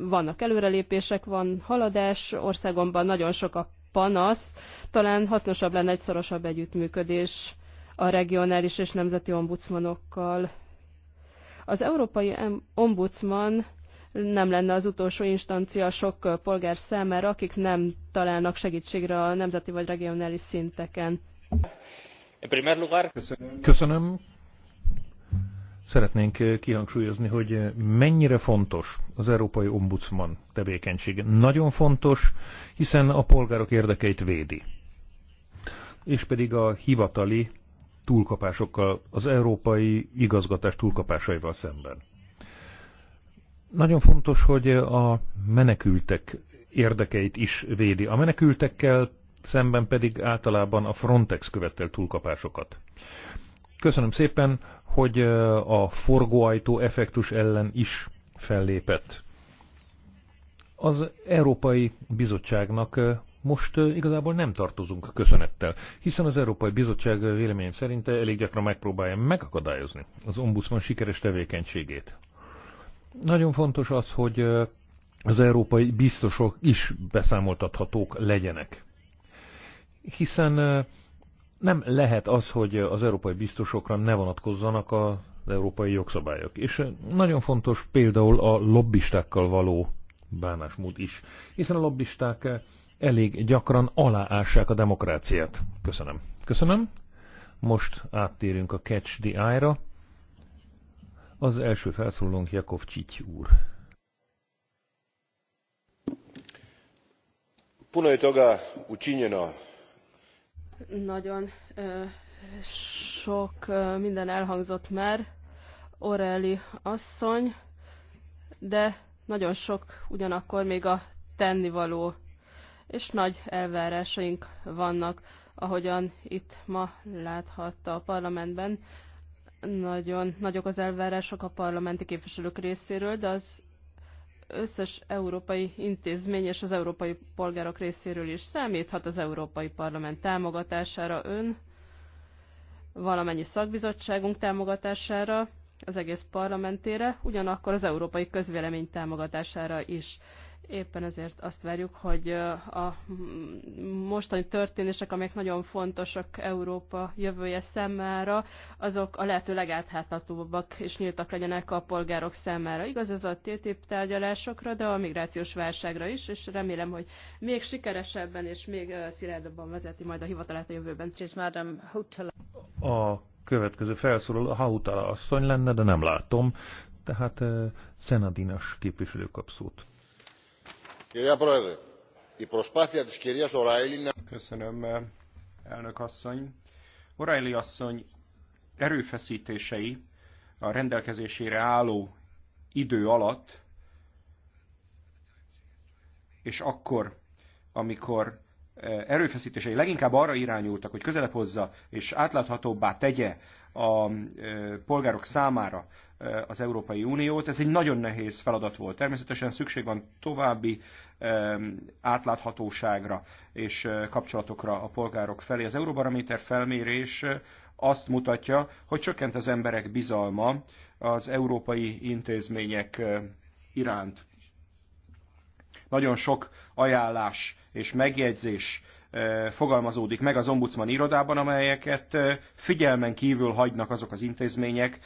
Speaker 4: vannak előrelépések, van haladás, országomban nagyon sok a panasz, talán hasznosabb lenne egy szorosabb együttműködés a regionális és nemzeti ombudsmanokkal. Az európai ombudsman nem lenne az utolsó instancia sok polgár számára, akik nem találnak segítségre a nemzeti vagy regionális szinteken.
Speaker 1: Köszönöm. Szeretnénk kihangsúlyozni, hogy mennyire fontos az Európai Ombudsman tevékenysége. Nagyon fontos, hiszen a polgárok érdekeit védi. És pedig a hivatali túlkapásokkal, az európai igazgatás túlkapásaival szemben. Nagyon fontos, hogy a menekültek érdekeit is védi. A menekültekkel szemben pedig általában a Frontex követel túlkapásokat. Köszönöm szépen, hogy a forgóajtó effektus ellen is fellépett. Az Európai Bizottságnak most igazából nem tartozunk köszönettel, hiszen az Európai Bizottság véleményem szerint elég gyakran megpróbálja megakadályozni az ombudsman sikeres tevékenységét. Nagyon fontos az, hogy az európai biztosok is beszámoltathatók legyenek. Hiszen nem lehet az, hogy az európai biztosokra ne vonatkozzanak az európai jogszabályok. És nagyon fontos például a lobbistákkal való bánásmód is, hiszen a lobbisták elég gyakran aláássák a demokráciát. Köszönöm. Köszönöm. Most áttérünk a Catch the Eye-ra. Az első felszólónk Jakov Csics úr.
Speaker 2: Punoj toga učinjeno.
Speaker 4: Nagyon ö, sok ö, minden elhangzott már. Oreli asszony, de nagyon sok ugyanakkor még a tennivaló, és nagy elvárásaink vannak, ahogyan itt ma láthatta a parlamentben nagyon nagyok az elvárások a parlamenti képviselők részéről, de az összes európai intézmény és az európai polgárok részéről is számíthat az Európai Parlament támogatására ön, valamennyi szakbizottságunk támogatására, az egész parlamentére, ugyanakkor az európai közvélemény támogatására is. Éppen ezért azt várjuk, hogy a mostani történések, amelyek nagyon fontosak Európa jövője számára, azok a lehető legáthátatóbbak és nyíltak legyenek a polgárok számára. Igaz ez a TTIP tárgyalásokra, de a migrációs válságra is, és remélem, hogy még sikeresebben és még szilárdabban vezeti majd a hivatalát a jövőben.
Speaker 1: A következő felszólaló Hautala asszony lenne, de nem látom. Tehát Szenadinas képviselő kapszót.
Speaker 2: Köszönöm, eh, elnök asszony. O'Reilly asszony erőfeszítései a rendelkezésére álló idő alatt, és akkor, amikor Eh, erőfeszítései leginkább arra irányultak, hogy közelebb hozza és átláthatóbbá tegye a eh, polgárok számára eh, az Európai Uniót. Ez egy nagyon nehéz feladat volt. Természetesen szükség van további átláthatóságra és kapcsolatokra a polgárok felé. Az Euróbarométer felmérés azt mutatja, hogy csökkent az emberek bizalma az európai intézmények iránt. Nagyon sok ajánlás és megjegyzés eh, fogalmazódik meg az ombudsman irodában, amelyeket eh, figyelmen kívül hagynak azok az intézmények,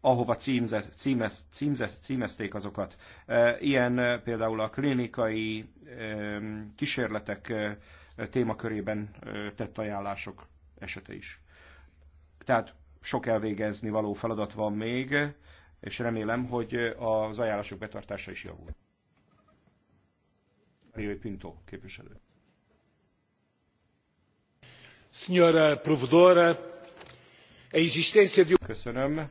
Speaker 2: ahova címze, címez, címze, címezték azokat. Eh, ilyen például a klinikai kísérletek témakörében tett ajánlások esete is. Tehát sok elvégezni való feladat van még, és remélem, hogy az ajánlások betartása is javul. Rio Pinto képviselő.
Speaker 5: Signora Provedora,
Speaker 2: existência de... Köszönöm,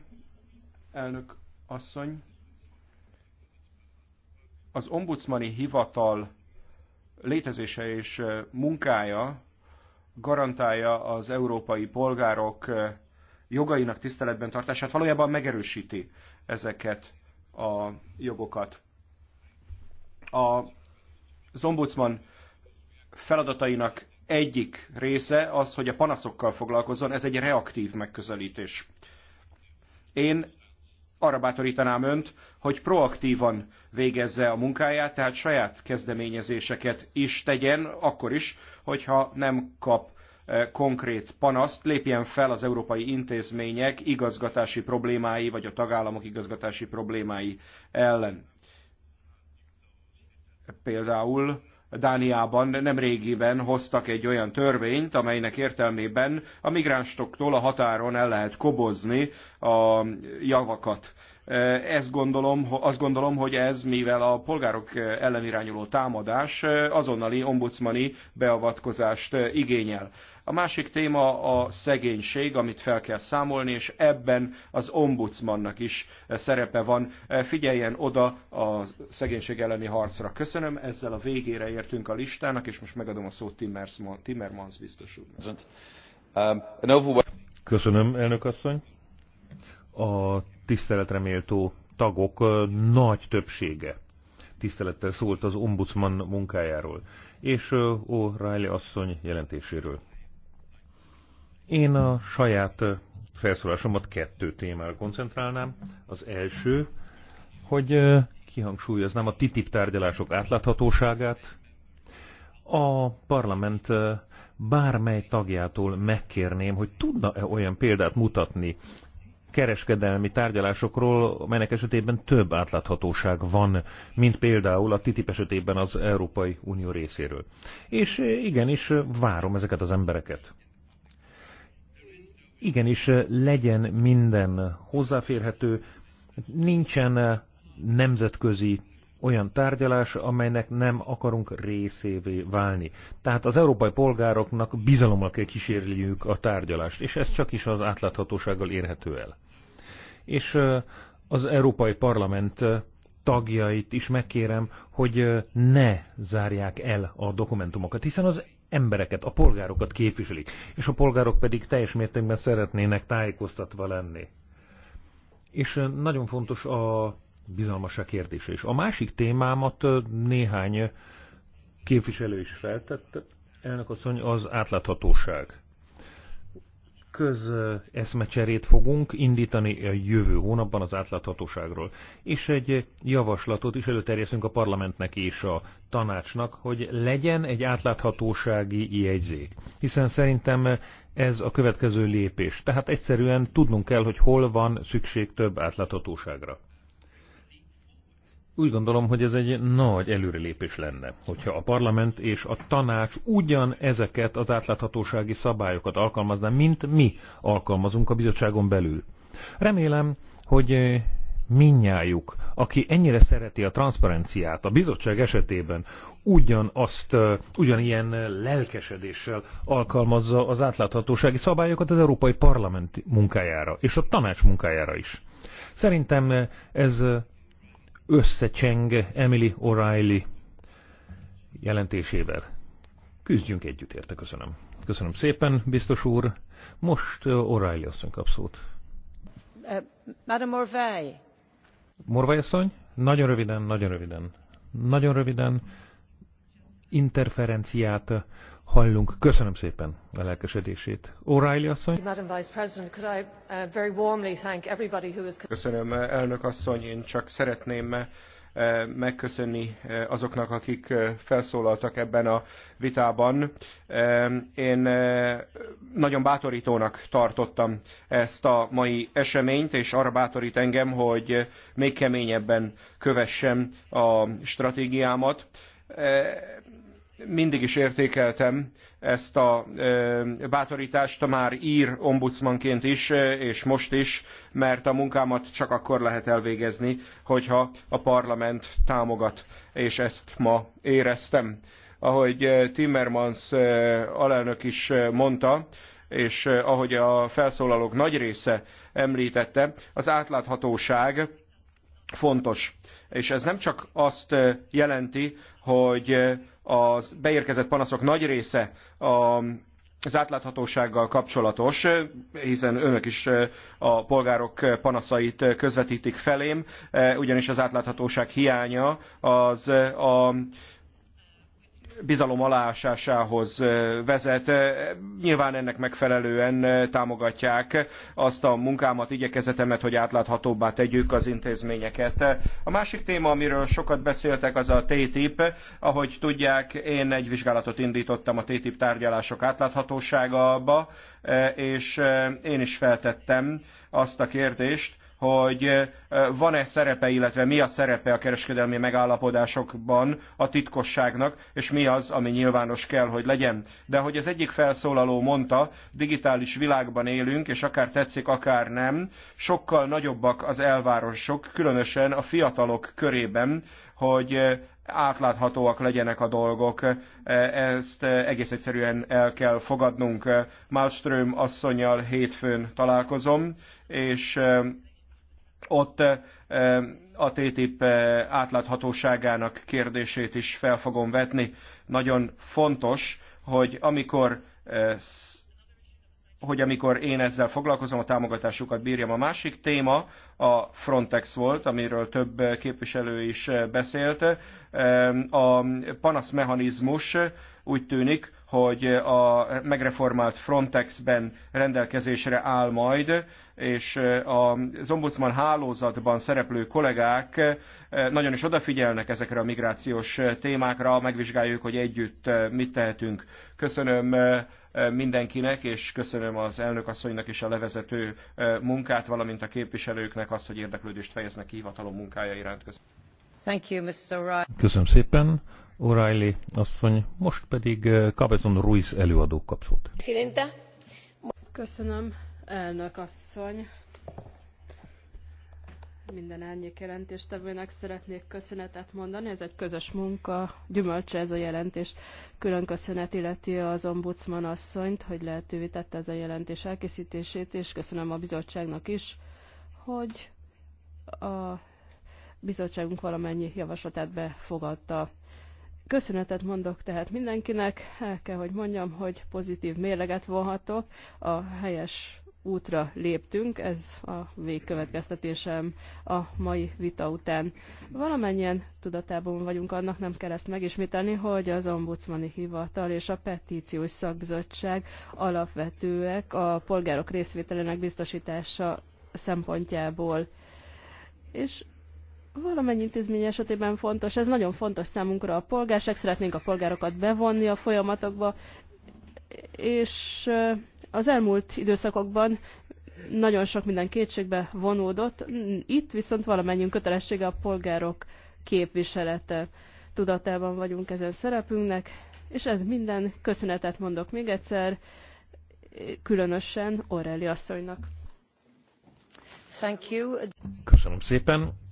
Speaker 2: elnök asszony. Az ombudsmani hivatal létezése és munkája garantálja az európai polgárok jogainak tiszteletben tartását, valójában megerősíti ezeket a jogokat. A az ombudsman feladatainak egyik része az, hogy a panaszokkal foglalkozzon, ez egy reaktív megközelítés. Én arra bátorítanám önt, hogy proaktívan végezze a munkáját, tehát saját kezdeményezéseket is tegyen, akkor is, hogyha nem kap eh, konkrét panaszt, lépjen fel az európai intézmények igazgatási problémái, vagy a tagállamok igazgatási problémái ellen. Például Dániában nem régiben hoztak egy olyan törvényt, amelynek értelmében a migránstoktól a határon el lehet kobozni a javakat. Ezt gondolom, azt gondolom, hogy ez, mivel a polgárok ellenirányuló támadás, azonnali ombudsmani beavatkozást igényel. A másik téma a szegénység, amit fel kell számolni, és ebben az ombudsmannak is szerepe van. Figyeljen oda a szegénység elleni harcra. Köszönöm, ezzel a végére értünk a listának, és most megadom a szót Timmermans, Timmermans biztos úrnak.
Speaker 1: Um, Köszönöm, elnök asszony a tiszteletreméltó tagok nagy többsége tisztelettel szólt az ombudsman munkájáról, és O'Reilly asszony jelentéséről. Én a saját felszólásomat kettő témára koncentrálnám. Az első, hogy kihangsúlyoznám a TTIP tárgyalások átláthatóságát. A parlament bármely tagjától megkérném, hogy tudna-e olyan példát mutatni kereskedelmi tárgyalásokról, melynek esetében több átláthatóság van, mint például a TTIP esetében az Európai Unió részéről. És igenis várom ezeket az embereket. Igenis legyen minden hozzáférhető, nincsen nemzetközi olyan tárgyalás, amelynek nem akarunk részévé válni. Tehát az európai polgároknak bizalommal kell kísérjük a tárgyalást, és ez csak is az átláthatósággal érhető el és az Európai Parlament tagjait is megkérem, hogy ne zárják el a dokumentumokat, hiszen az embereket, a polgárokat képviselik, és a polgárok pedig teljes mértékben szeretnének tájékoztatva lenni. És nagyon fontos a bizalmasság kérdése is. A másik témámat néhány képviselő is feltette, elnök asszony, az átláthatóság közeszmecserét fogunk indítani a jövő hónapban az átláthatóságról. És egy javaslatot is előterjesztünk a parlamentnek és a tanácsnak, hogy legyen egy átláthatósági jegyzék. Hiszen szerintem ez a következő lépés. Tehát egyszerűen tudnunk kell, hogy hol van szükség több átláthatóságra. Úgy gondolom, hogy ez egy nagy előrelépés lenne, hogyha a parlament és a tanács ugyan ezeket az átláthatósági szabályokat alkalmazná, mint mi alkalmazunk a bizottságon belül. Remélem, hogy eh, minnyájuk, aki ennyire szereti a transzparenciát, a bizottság esetében ugyanazt, eh, ugyanilyen eh, lelkesedéssel alkalmazza az átláthatósági szabályokat az Európai Parlament munkájára, és a tanács munkájára is. Szerintem ez összecseng Emily O'Reilly jelentésével. Küzdjünk együtt érte, köszönöm. Köszönöm szépen, biztos úr. Most O'Reilly asszony kap szót.
Speaker 3: Uh, Madame Morvay.
Speaker 1: Morvay asszony? Nagyon röviden, nagyon röviden. Nagyon röviden interferenciát Hallunk Köszönöm szépen a lelkesedését. O'Reilly asszony.
Speaker 4: Uh,
Speaker 2: Köszönöm, uh, elnök asszony. Én csak szeretném uh, megköszönni azoknak, akik felszólaltak ebben a vitában. Um, én nagyon bátorítónak tartottam ezt a mai eseményt, és arra bátorít engem, hogy még keményebben kövessem a stratégiámat mindig is értékeltem ezt a bátorítást, már ír ombudsmanként is, és most is, mert a munkámat csak akkor lehet elvégezni, hogyha a parlament támogat, és ezt ma éreztem. Ahogy Timmermans alelnök is mondta, és ahogy a felszólalók nagy része említette, az átláthatóság fontos. És ez nem csak azt jelenti, hogy az beérkezett panaszok nagy része a az átláthatósággal kapcsolatos, hiszen önök is a polgárok panaszait közvetítik felém, ugyanis az átláthatóság hiánya az a bizalom aláásásához vezet. Nyilván ennek megfelelően támogatják azt a munkámat, igyekezetemet, hogy átláthatóbbá tegyük az intézményeket. A másik téma, amiről sokat beszéltek, az a TTIP. Ahogy tudják, én egy vizsgálatot indítottam a TTIP tárgyalások átláthatóságába, és én is feltettem azt a kérdést, hogy eh, van-e szerepe, illetve mi a szerepe a kereskedelmi megállapodásokban a titkosságnak, és mi az, ami nyilvános kell, hogy legyen. De hogy az egyik felszólaló mondta, digitális világban élünk, és akár tetszik, akár nem, sokkal nagyobbak az elvárások, különösen a fiatalok körében, hogy eh, átláthatóak legyenek a dolgok. Eh, ezt egész egyszerűen el kell fogadnunk. Malmström asszonyjal hétfőn találkozom, és ott eh, eh, a TTIP eh, átláthatóságának kérdését is fel fogom vetni. Nagyon fontos, hogy amikor hogy amikor én ezzel foglalkozom, a támogatásukat bírjam. A másik téma a Frontex volt, amiről több képviselő is beszélt. A panaszmechanizmus úgy tűnik, hogy a megreformált Frontexben rendelkezésre áll majd, és eh, az ombudsman hálózatban szereplő kollégák eh, nagyon is odafigyelnek ezekre a migrációs témákra, megvizsgáljuk, hogy együtt eh, mit tehetünk. Köszönöm mindenkinek, és köszönöm az elnökasszonynak és a levezető munkát, valamint a képviselőknek azt, hogy érdeklődést fejeznek ki hivatalom munkája iránt.
Speaker 4: Köszönöm. Köszönöm
Speaker 1: szépen. O'Reilly asszony, most pedig eh, Cabezon Ruiz előadó kapszót.
Speaker 4: Köszönöm, elnök asszony. Minden elnyék jelentéstevőnek szeretnék köszönetet mondani. Ez egy közös munka, gyümölcse ez a jelentés. Külön köszönet illeti az ombudsman asszonyt, hogy lehetővé tette ez a jelentés elkészítését, és köszönöm a bizottságnak is, hogy a bizottságunk valamennyi javaslatát befogadta. Köszönetet mondok tehát mindenkinek, el kell, hogy mondjam, hogy pozitív mérleget vonhatok, a helyes útra léptünk, ez a végkövetkeztetésem a mai vita után. Valamennyien tudatában vagyunk annak, nem kell ezt megismételni, hogy az ombudsmani hivatal és a petíciós szakzottság alapvetőek a polgárok részvételének biztosítása szempontjából. És valamennyi intézmény esetében fontos, ez nagyon fontos számunkra a polgárság, szeretnénk a polgárokat bevonni a folyamatokba, és az elmúlt időszakokban nagyon sok minden kétségbe vonódott, itt viszont valamennyi kötelessége a polgárok képviselete. Tudatában vagyunk ezen szerepünknek, és ez minden. Köszönetet mondok még egyszer, különösen Orelli asszonynak. Thank you.
Speaker 1: Köszönöm szépen.